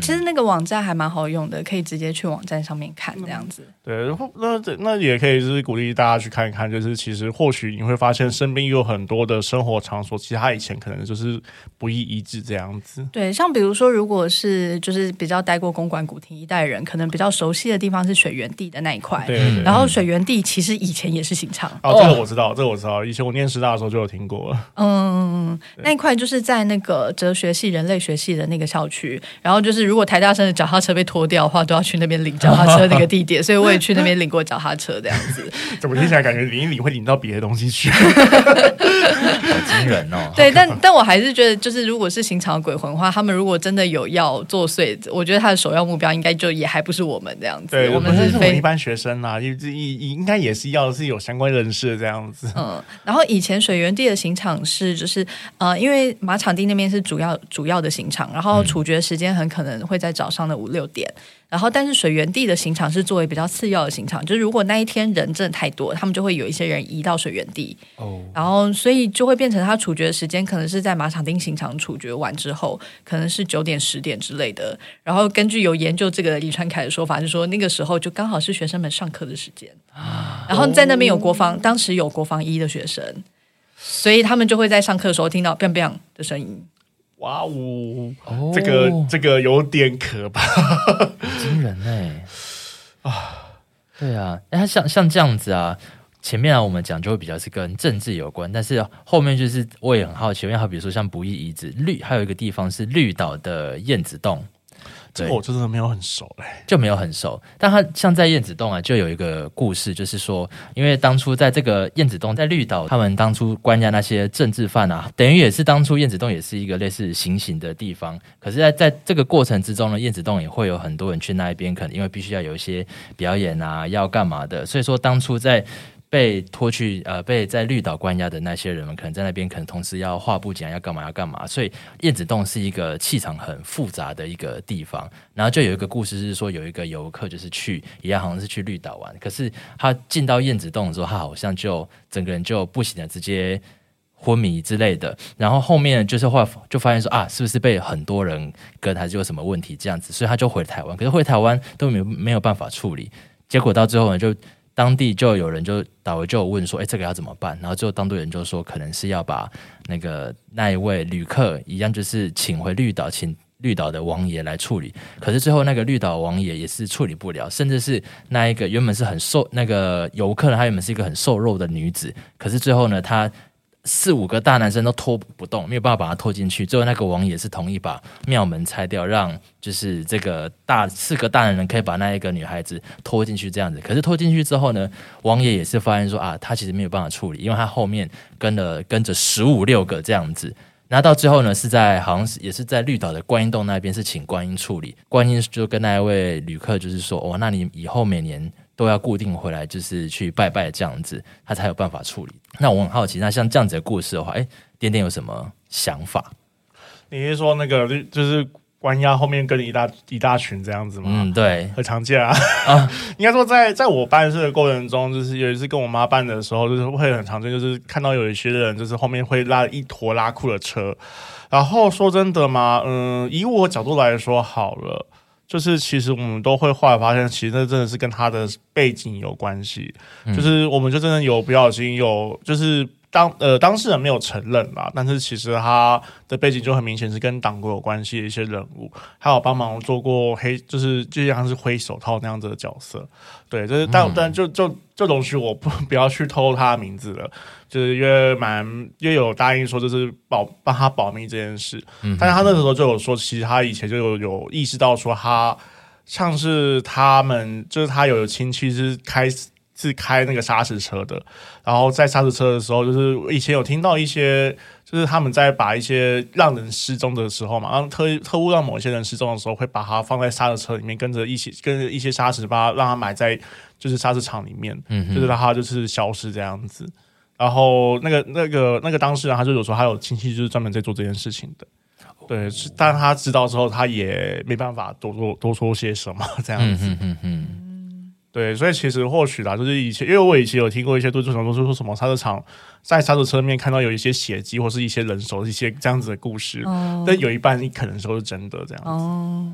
其實那個網站還蠻好用的，可以直接去網站上面看這樣子。嗯、對，然後那那也可以就是鼓勵大家去看一看，就是其實或許你會發現身邊有很多的生活場所，其實他以前可能就是不義遺址這樣子。對，像比如說，如果是就是比較待過公館、古亭一帶人，可能比較熟悉的地方是水源地的那一塊。對，對，然後水源地其實以前也是刑場。哦，這個我知道，這個我知道，以前我念師大的時候就有聽過了，嗯，那一塊就是在那個哲學系、人類學系的那個校區。然後就是，如果台大生的腳踏車被拖吊的話，都要去那邊領腳踏車那個地點， 所以我也去那邊領過腳踏車這樣子。 怎麼聽起來感覺領一領會領到別的東西去？好驚 人哦！對，但但我還是覺得，就是如果是刑場的鬼魂的話，他們如果真的有要作祟，我覺得他的首要目標應該就也還不是我們這樣子。對，我們是，是，是我們一般學生啦，啊，應應應應該也是要的是有相關人士這樣子。嗯，然後以前水源地的刑場是就是呃，因為馬場地那邊是主要主要的刑場，然後處決時間，嗯。很可能會在早上的五六點，然後但是水源地的刑場是作為比較次要的刑場，就是如果那一天人真的太多，他們就會有一些人移到水源地，然後所以就會變成他處決的時間可能是在馬場町刑場處決完之後，可能是九點十點之類的，然後根據有研究這個李傳凱的說法就是說，就說那個時候就剛好是學生們上課的時間，然後在那邊有國防，當時有國防醫的學生，所以他們就會在上課的時候聽到砰砰的聲音。哇嗚！哦，這個、哦、這個有點可怕，好驚人哎！啊，對啊，哎、欸，像像這樣子啊，前面啊我們講就會比較是跟政治有關，但是後面就是我也很好奇，因為好比如說像不義遺址綠，還有一個地方是綠島的燕子洞。這我、哦、真的沒有很熟嘞、欸，就沒有很熟。但他像在燕子洞啊，就有一個故事，就是說，因為當初在這個燕子洞，在綠島，他們當初關押那些政治犯啊，等於也是當初燕子洞也是一個類似行刑的地方。可是在，在在這個過程之中呢，燕子洞也會有很多人去那一邊，可能因為必須要有一些表演啊，要幹嘛的。所以說，當初在。被拖去呃，被在綠島關押的那些人們，可能在那邊，可能同時要畫布景，要幹嘛，要幹嘛。所以燕子洞是一個氣場很複雜的一個地方。然後就有一個故事是說，有一個遊客就是去，也好像是去綠島玩，可是他進到燕子洞的時候，他好像就整個人就不行了，直接昏迷之類的。然後後面就是話就發現說啊，是不是被很多人跟，還是有什麼問題這樣子，所以他就回台灣，可是回台灣都沒沒有辦法處理，結果到最後呢就。當地就有人就導遊就問說：“誒，這個要怎麼辦？”然後最後當地人就說：“可能是要把那個那一位旅客一樣，就是請回綠島，請綠島的王爺來處理。”可是最後那個綠島王爺也是處理不了，甚至是那一個原本是很瘦那個遊客呢，他原本是一個很瘦弱的女子，可是最後呢，她。四五個大男生都拖不動，沒有辦法把他拖進去。最後那個王爺也是同意把廟門拆掉，讓就是這個大四個大男人可以把那一個女孩子拖進去這樣子。可是拖進去之後呢，王爺也是發現說啊，他其實沒有辦法處理，因為他後面跟了跟着十五六個這樣子。那到最後呢，是在好像是也是在綠島的觀音洞那邊是請觀音處理。觀音就跟那一位旅客就是說，哦，那你以後每年。都要固定回來，就是去拜拜這樣子，他才有辦法處理。那我很好奇，那像這樣子的故事的話，哎、欸，顛顛有什麼想法？你是說那個就是關押後面跟一大一大群這樣子嗎？嗯，對，很常見啊。啊應該說在，在在我辦事的過程中，就是有一次跟我媽辦的時候，就是會很常見，就是看到有一些人，就是後面會拉一拖拉庫的車。然後說真的嘛，嗯，以我角度來說，好了。就是，其實我們都會後來發現，其實那真的是跟他的背景有關係。就是，我們就真的有不小心，有就是。當呃當事人沒有承認吧，但是其實他的背景就很明顯是跟黨國有關係的一些人物，還有幫忙做過黑，就是就是，像是灰手套那樣子的角色，對，就是但，嗯，但就就就容許我不不要去透露他的名字了，就是因為蠻因為有答應說就是保幫他保密這件事，但是他那時候就有說，嗯，其實他以前就有有意識到說他像是他們就是他有親戚是開是開那個砂石車的，然後在砂石車的時候，就是我以前有聽到一些，就是他們在把一些讓人失蹤的時候嘛，讓特特務讓某些人失蹤的時候，會把它放在砂石車裡面跟着一起，跟着一些跟一些砂石把它讓它埋在就是砂石場裡面，嗯、就是讓它就是消失這樣子。然後那個那個那個當事人，他就有時候他有親戚就是專門在做這件事情的，對，哦、但他知道之後，他也沒辦法多說多說些什麼這樣子。嗯哼哼哼對，所以其實或許啦，就是以前，因為我以前有聽過一些都市傳說，說什麼剎車場，在剎車車裡面看到有一些血跡或是一些人手的一些這樣子的故事，oh. 但有一半你可能說是真的這樣子。Oh.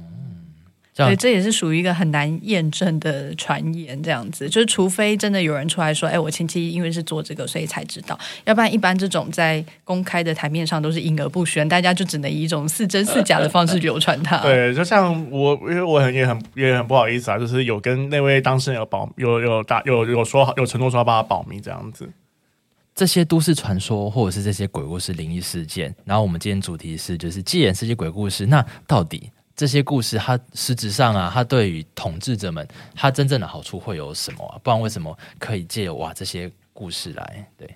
對，這也是屬於一個很難驗證的傳言，這樣子就是，除非真的有人出來說，哎，我親戚因為是做這個，所以才知道，要不然一般這種在公開的台面上都是隱而不宣，大家就只能以一種似真似假的方式流傳它。 對，就像我，因為我很也很也很不好意思啊，就是有跟那位當事人有保有有大、有有,有,有說好有承諾說要幫他保密這樣子，這些都市傳說或者是這些鬼故事靈異事件。然後我們今天主題是，就是既然是這些鬼故事，那到底？這些故事，它實質上啊，它對於統治者們，它真正的好處會有什麼啊？不然為什麼可以借哇這些故事來？對。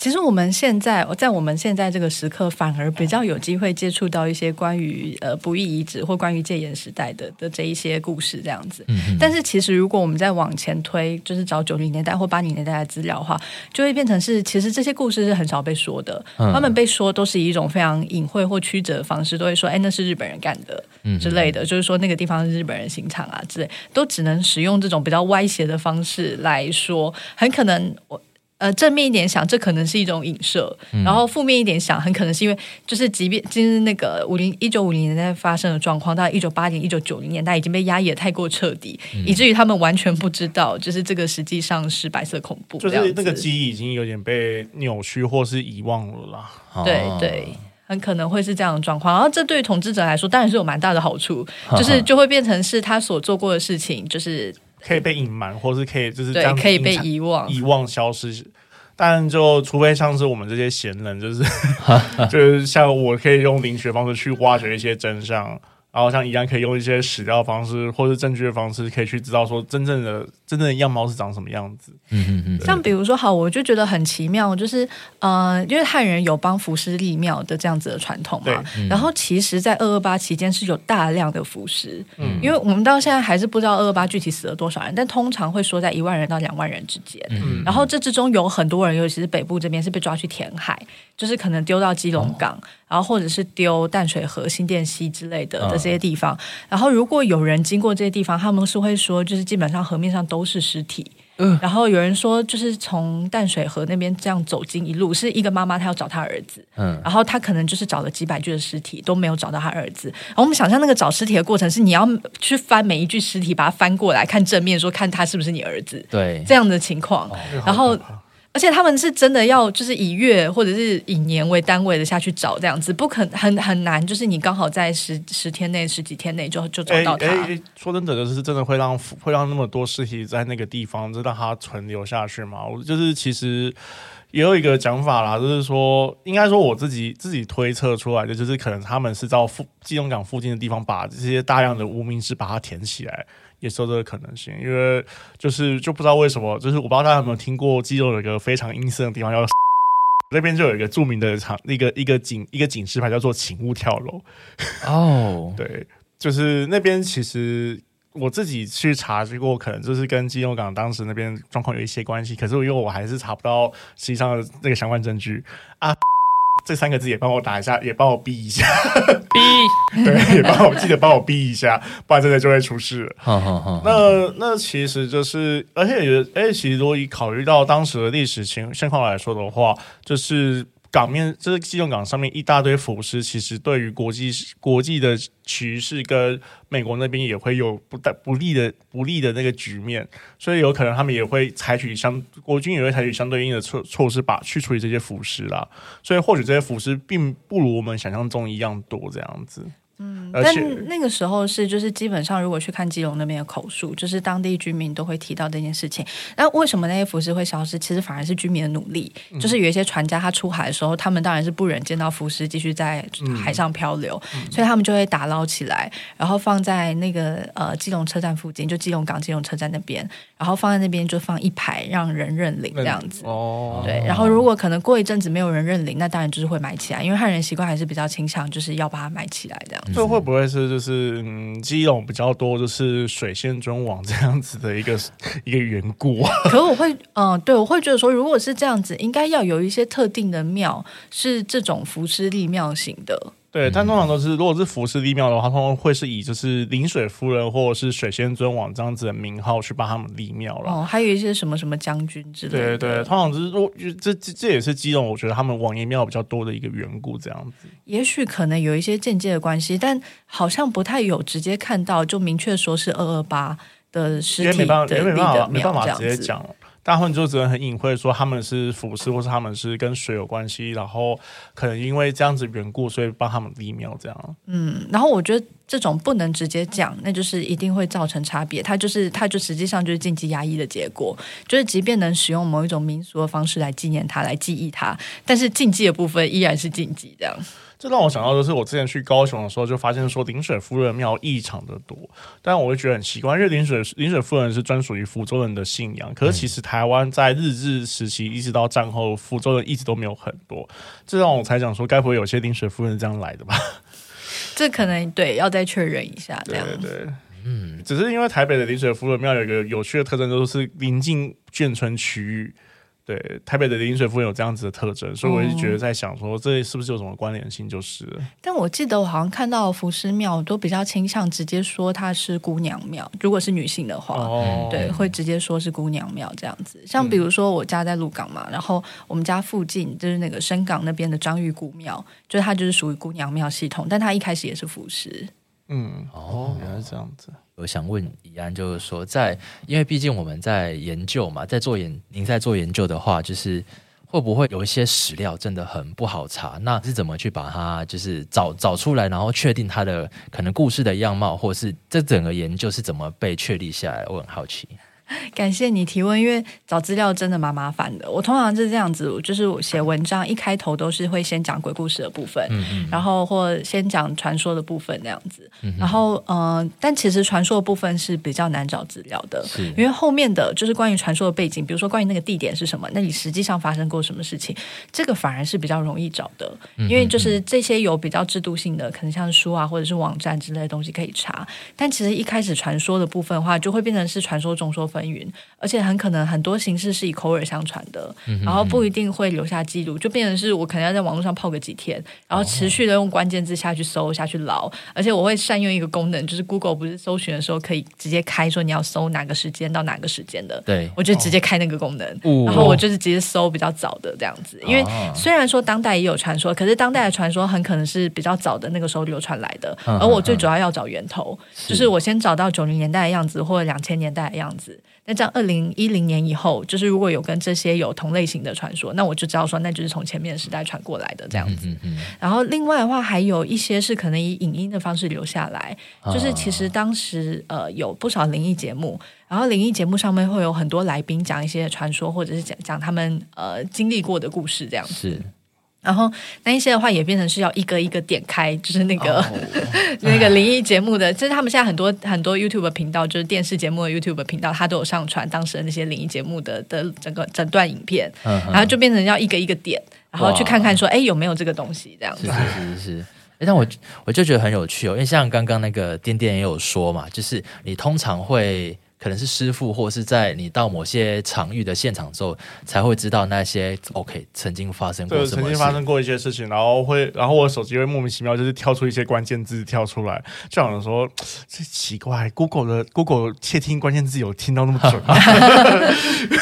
其實我們現在在我們現在這個時刻，反而比較有機會接觸到一些關於呃不義遺址或關於戒嚴時代的的這一些故事這樣子。嗯。但是其實如果我們再往前推，就是找九零年代或八零年代的資料的話，就會變成是其實這些故事是很少被說的。嗯。他們被說都是以一種非常隱晦或曲折的方式，都會說：“哎，那是日本人幹的。”之類的。嗯。就是說那個地方是日本人刑場啊之類，都只能使用這種比較歪斜的方式來說。很可能我。呃，正面一點想，這可能是一種影射；嗯、然後負面一點想，很可能是因為就是即，即便今日那個五零一九五零年代發生的狀況，到一九八零一九九零年代已經被壓抑得太過徹底、嗯，以至於他們完全不知道，就是這個實際上是白色恐怖，就是那個記憶已經有點被扭曲或是遺忘了啦。對對，很可能會是這樣的狀況。然後，這對於統治者來說，當然是有蠻大的好處，就是就會變成是他所做過的事情，就是。可以被隱瞞，或是可以就是這樣子，對，可以被遺忘、遺忘消失，但就除非像是我們這些閒人，就是 就是像我可以用靈學方式去挖掘一些真相。然後像宜安可以用一些史料方式，或是證據的方式，可以去知道說真正的真正的樣貌是長什麼樣子。像比如說，好，我就覺得很奇妙，就是嗯、呃，因為漢人有幫浮屍立廟的這樣子的傳統嘛。嗯、然後其實，在二二八期間是有大量的浮屍，嗯，因為我們到現在還是不知道二二八具體死了多少人，但通常會說在一萬人到兩萬人之間、嗯。然後這之中有很多人，尤其是北部這邊是被抓去填海。就是可能丟到基隆港，哦，然後或者是丟淡水河、新店溪之類的、嗯、的這些地方。然後如果有人經過這些地方，他們是會說，就是基本上河面上都是屍體。嗯。然後有人說，就是從淡水河那邊這樣走進一路，是一個媽媽，她要找她兒子。嗯。然後她可能就是找了幾百具的屍體都沒有找到她兒子。然後我們想象那個找屍體的過程是，你要去翻每一具屍體，把它翻過來看正面，說看他是不是你兒子。對。這樣的情況，哦、然後。而且他們是真的要，就是以月或者是以年為單位的下去找這樣子，不可能很很難，就是你剛好在十十天內、十幾天內就就找到他哎、欸欸、說真的、的，就是真的會讓會讓那麼多屍體在那個地方就讓它存留下去嘛？我就是其實也有一個講法啦，就是說，應該說我自己自己推測出來的，就是可能他們是到附基隆港附近的地方，把這些大量的無名屍把它填起來。也是有這個可能性，因為就是就不知道為什麼，就是我不知道大家有沒有聽過，基隆有一個非常陰森的地方 XX,、嗯，要那邊就有一個著名的場，一個一個警一個警示牌叫做“請勿跳樓”。哦， 對，就是那邊其實我自己去查過，可能就是跟基隆港當時那邊狀況有一些關係，可是因為我還是查不到實際上的那個相關證據啊。這三個字也幫我打一下，也幫我逼一下，逼 對，也幫我記得幫我逼一下， 不然真的就會出事了。 那那其實就是，而且也哎、欸，其實如果以考慮到當時的歷史情現況來說的話，就是。港面，這個基隆港上面一大堆浮屍，其實對於國際、國際的局勢跟美國那邊也會有不不不利的不利的那個局面，所以有可能他們也會採取相國軍也會採取相對應的措措施吧，把去處理這些浮屍啦。所以或許這些浮屍並不如我們想象中一樣多這樣子。嗯，但那個時候是就是基本上，如果去看基隆那邊的口述，就是當地居民都會提到這件事情。那為什麼那些浮屍會消失？其實反而是居民的努力。就是有一些船家他出海的時候，他們當然是不忍見到浮屍繼續在海上漂流，嗯，所以他們就會打撈起來，然後放在那個呃基隆車站附近，就基隆港基隆車站那邊，然後放在那邊就放一排讓人認領這樣子，嗯、哦。對，然後如果可能過一陣子沒有人認領，那當然就是會埋起來，因為漢人習慣還是比較傾向就是要把它埋起來這樣。這會不會是就是嗯，基隆比較多，就是水仙尊王這樣子的一個 一個緣故？可是我會嗯，對，我會覺得說，如果是這樣子，應該要有一些特定的廟，是這種浮屍立廟型的。對，但通常都是、嗯，如果是浮屍立廟的話，通常會是以就是臨水夫人或者是水仙尊王這樣子的名號去幫他們立廟哦，還有一些什麼什麼將軍之類的。對對對，通常就是說，這這這也是基隆我覺得他們王爺廟比較多的一個緣故，這樣子。也許可能有一些間接的關係，但好像不太有直接看到，就明確說是二二八的屍體也沒辦，也沒辦法立的廟，沒辦法直接講大部分就只能很隱晦說，他們是浮屍，或是他們是跟水有關係，然後可能因為這樣子緣故，所以幫他們立廟這樣。嗯，然後我覺得這種不能直接講，那就是一定會造成差別。它就是它就實際上就是禁忌壓抑的結果，就是即便能使用某一種民俗的方式來紀念它、來記憶它，但是禁忌的部分依然是禁忌這樣。這讓我想到的是我之前去高雄的時候，就發現說，臨水夫人廟異常的多，但我會覺得很奇怪，因為臨水臨水夫人是專屬於福州人的信仰，可是其實台灣在日治時期一直到戰後，福州人一直都沒有很多，這讓我才想說，該不會有些臨水夫人這樣來的吧？這可能對，要再確認一下，這樣。對，對，嗯，只是因為台北的臨水夫人廟有一個有趣的特徵，就是臨近眷村區域。對，台北的臨水夫人有這樣子的特徵，所以我一直覺得在想說、嗯，這是不是有什麼關聯性？就是，但我記得我好像看到浮屍廟都比較傾向直接說它是姑娘廟，如果是女性的話，哦、對、嗯，會直接說是姑娘廟這樣子。像比如說我家在鹿港嘛、嗯，然後我們家附近就是那個深港那邊的張玉姑廟，就是它就是屬於姑娘廟系統，但它一開始也是浮屍。嗯，哦，原來是這樣子。我想問宜安，就是說在，在因為畢竟我們在研究嘛，在做研您在做研究的話，就是會不會有一些史料真的很不好查？那是怎麼去把它就是找找出來，然後確定它的可能故事的樣貌，或是這整個研究是怎麼被確立下來？我很好奇。感謝你提問，因為找資料真的蠻麻煩的。我通常是這樣子，就是寫文章一開頭都是會先講鬼故事的部分，然後或先講傳說的部分那樣子。然後，嗯、呃，但其實傳說的部分是比較難找資料的，因為後面的就是關於傳說的背景，比如說關於那個地點是什麼，那裡實際上發生過什麼事情，這個反而是比較容易找的，因為就是這些有比較制度性的，可能像書啊或者是網站之類的東西可以查。但其實一開始傳說的部分的話，就會變成是傳說眾說紛雲，而且很可能很多形式是以口耳相傳的，然後不一定會留下記錄，就變成是我可能要在網絡上泡個幾天，然後持續的用關鍵字下去搜下去撈，而且我會善用一個功能，就是 Google 不是搜尋的時候可以直接開說你要搜哪個時間到哪個時間的，對，我就直接開那個功能，哦、然後我就是直接搜比較早的這樣子，因為雖然說當代也有傳說，可是當代的傳說很可能是比較早的那個時候流傳來的，而我最主要要找源頭，是就是我先找到九零年代的樣子或者兩千年代的樣子。那這樣二零一零年以後，就是如果有跟這些有同類型的傳說，那我就知道說那就是從前面的時代傳過來的這樣子。嗯嗯嗯。然後另外的話，還有一些是可能以影音的方式留下來，就是其實當時、哦、呃，有不少靈異節目，然後靈異節目上面會有很多來賓講一些傳說，或者是講講他們呃經歷過的故事這樣子。然後，那一些的話也變成是要一個一個點開，就是那個、哦哦、 那個靈異節目的，就、嗯、是他們現在很多、嗯、很多 YouTube 頻道，就是電視節目的 YouTube 頻道，他都有上傳當時的那些靈異節目的的整個整段影片、嗯嗯，然後就變成要一個一個點，然後去看看說，哎、欸，有沒有這個東西這樣子。是是是，是，是，哎、欸，但我我就覺得很有趣哦，因為像剛剛那個顛顛也有說嘛，就是你通常會。可能是師傅，或者是在你到某些場域的現場之後，才會知道那些 OK 曾經發生過什麼事。曾經發生過一些事情，然後會，然後我的手機會莫名其妙就是跳出一些關鍵字跳出來，就有人說這奇怪，Google 的 Google 竊聽關鍵字有聽到那麼準嗎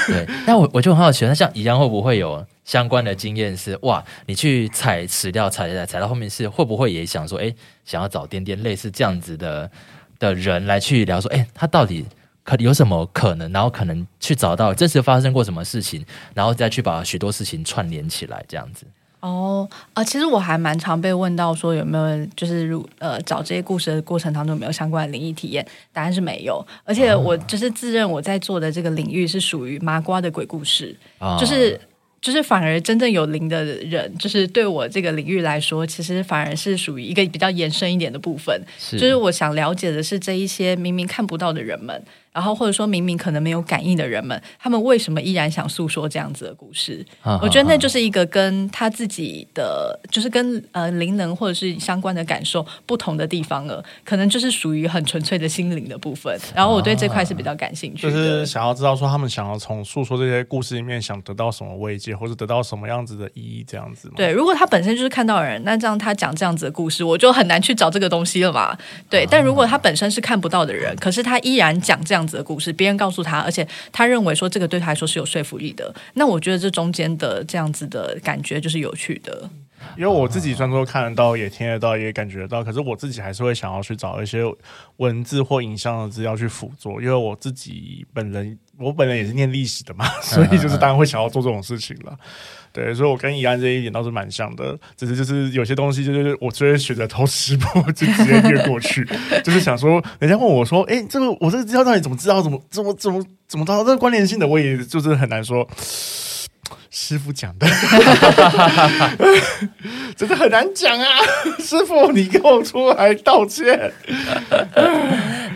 對，但我我就很好奇，那像宜安會不會有相關的經驗？是哇，你去採史料，踩踩踩，踩到後面是會不會也想說，哎、欸，想要找點點類似這樣子的的人來去聊說，哎、欸，他到底？可有什麼可能？然後可能去找到真實發生過什麼事情，然後再去把許多事情串聯起來，這樣子。哦、oh, 啊、呃，其實我還蠻常被問到說，有沒有就是如呃找這些故事的過程當中有沒有相關的靈異體驗？答案是沒有。而且我就是自認我在做的這個領域是屬於麻瓜的鬼故事，oh. 就是就是反而真正有靈的人，就是對我這個領域來說，其實反而是屬於一個比較延伸一點的部分。是，就是我想了解的是這一些明明看不到的人們。然後或者說明明可能沒有感應的人們，他們為什麼依然想訴說這樣子的故事？啊、我覺得那就是一個跟他自己的，啊、就是跟、啊、呃靈能或者是相關的感受不同的地方了。可能就是屬於很純粹的心靈的部分。然後我對這塊是比較感興趣的，啊、就是想要知道說他們想要從訴說這些故事裡面想得到什麼慰藉，或者得到什麼樣子的意義這樣子。對，如果他本身就是看到人，那這樣他講這樣子的故事，我就很難去找這個東西了嘛。對，但如果他本身是看不到的人，啊、可是他依然講這樣。的故事，別人告訴他，而且他認為說這個對他來說是有說服力的。那我覺得這中間的這樣子的感覺就是有趣的。因為我自己雖然說看得到，也聽得到，也感覺得到。可是我自己還是會想要去找一些文字或影像的資料去輔助。因為我自己本人，我本人也是念歷史的嘛、嗯，所以就是當然會想要做這種事情了、嗯。對，所以，我跟宜安這一點倒是蠻像的。只是就是有些東西，就是我直接選擇偷吃步就直接越過去， 就是想說，人家問我說：“哎、欸，這個我這個資料到底怎麼知道？怎麼怎麼怎麼怎麼着？這個關聯性的，我也就是很難說。”師傅講的 真的很難講啊！師傅，你給我出來道歉。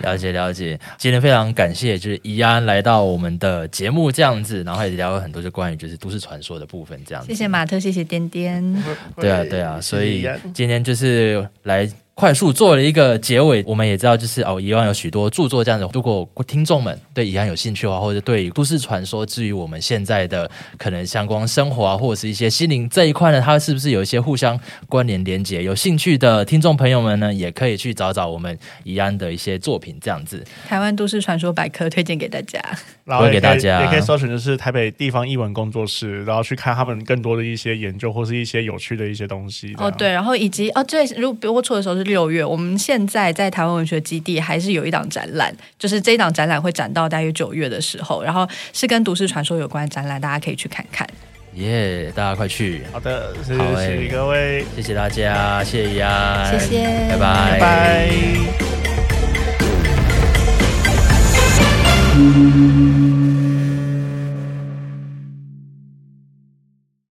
了解了解，今天非常感謝，就是宜安來到我們的節目這樣子，然後也聊了很多就關於就是都市傳說的部分這樣子。謝謝馬特，謝謝顛顛。對啊對啊，啊、所以今天就是來。快速做了一個結尾，我們也知道，就是哦，宜安有許多著作這樣子。如果聽眾們對宜安有興趣的話，或者對都市傳說，至於我們現在的可能相關生活啊，或者是一些心靈這一塊呢，它是不是有一些互相關聯連接，有興趣的聽眾朋友們呢，也可以去找找我們宜安的一些作品這樣子。台灣都市傳說百科推薦給大家，然後給大家， 也可以搜尋就是台北地方異聞工作室，然後去看他們更多的一些研究或是一些有趣的一些東西。哦，對，然後以及哦，對，如果我錯的時候。六月，我們現在在台灣文學基地還是有一檔展覽，就是這一檔展覽會展到大約九月的時候，然後是跟《都市傳說》有關的展覽，大家可以去看看。耶、yeah，大家快去！好的，謝謝、欸、各位，謝謝大家，謝謝呀，謝謝，拜拜，拜拜。嗯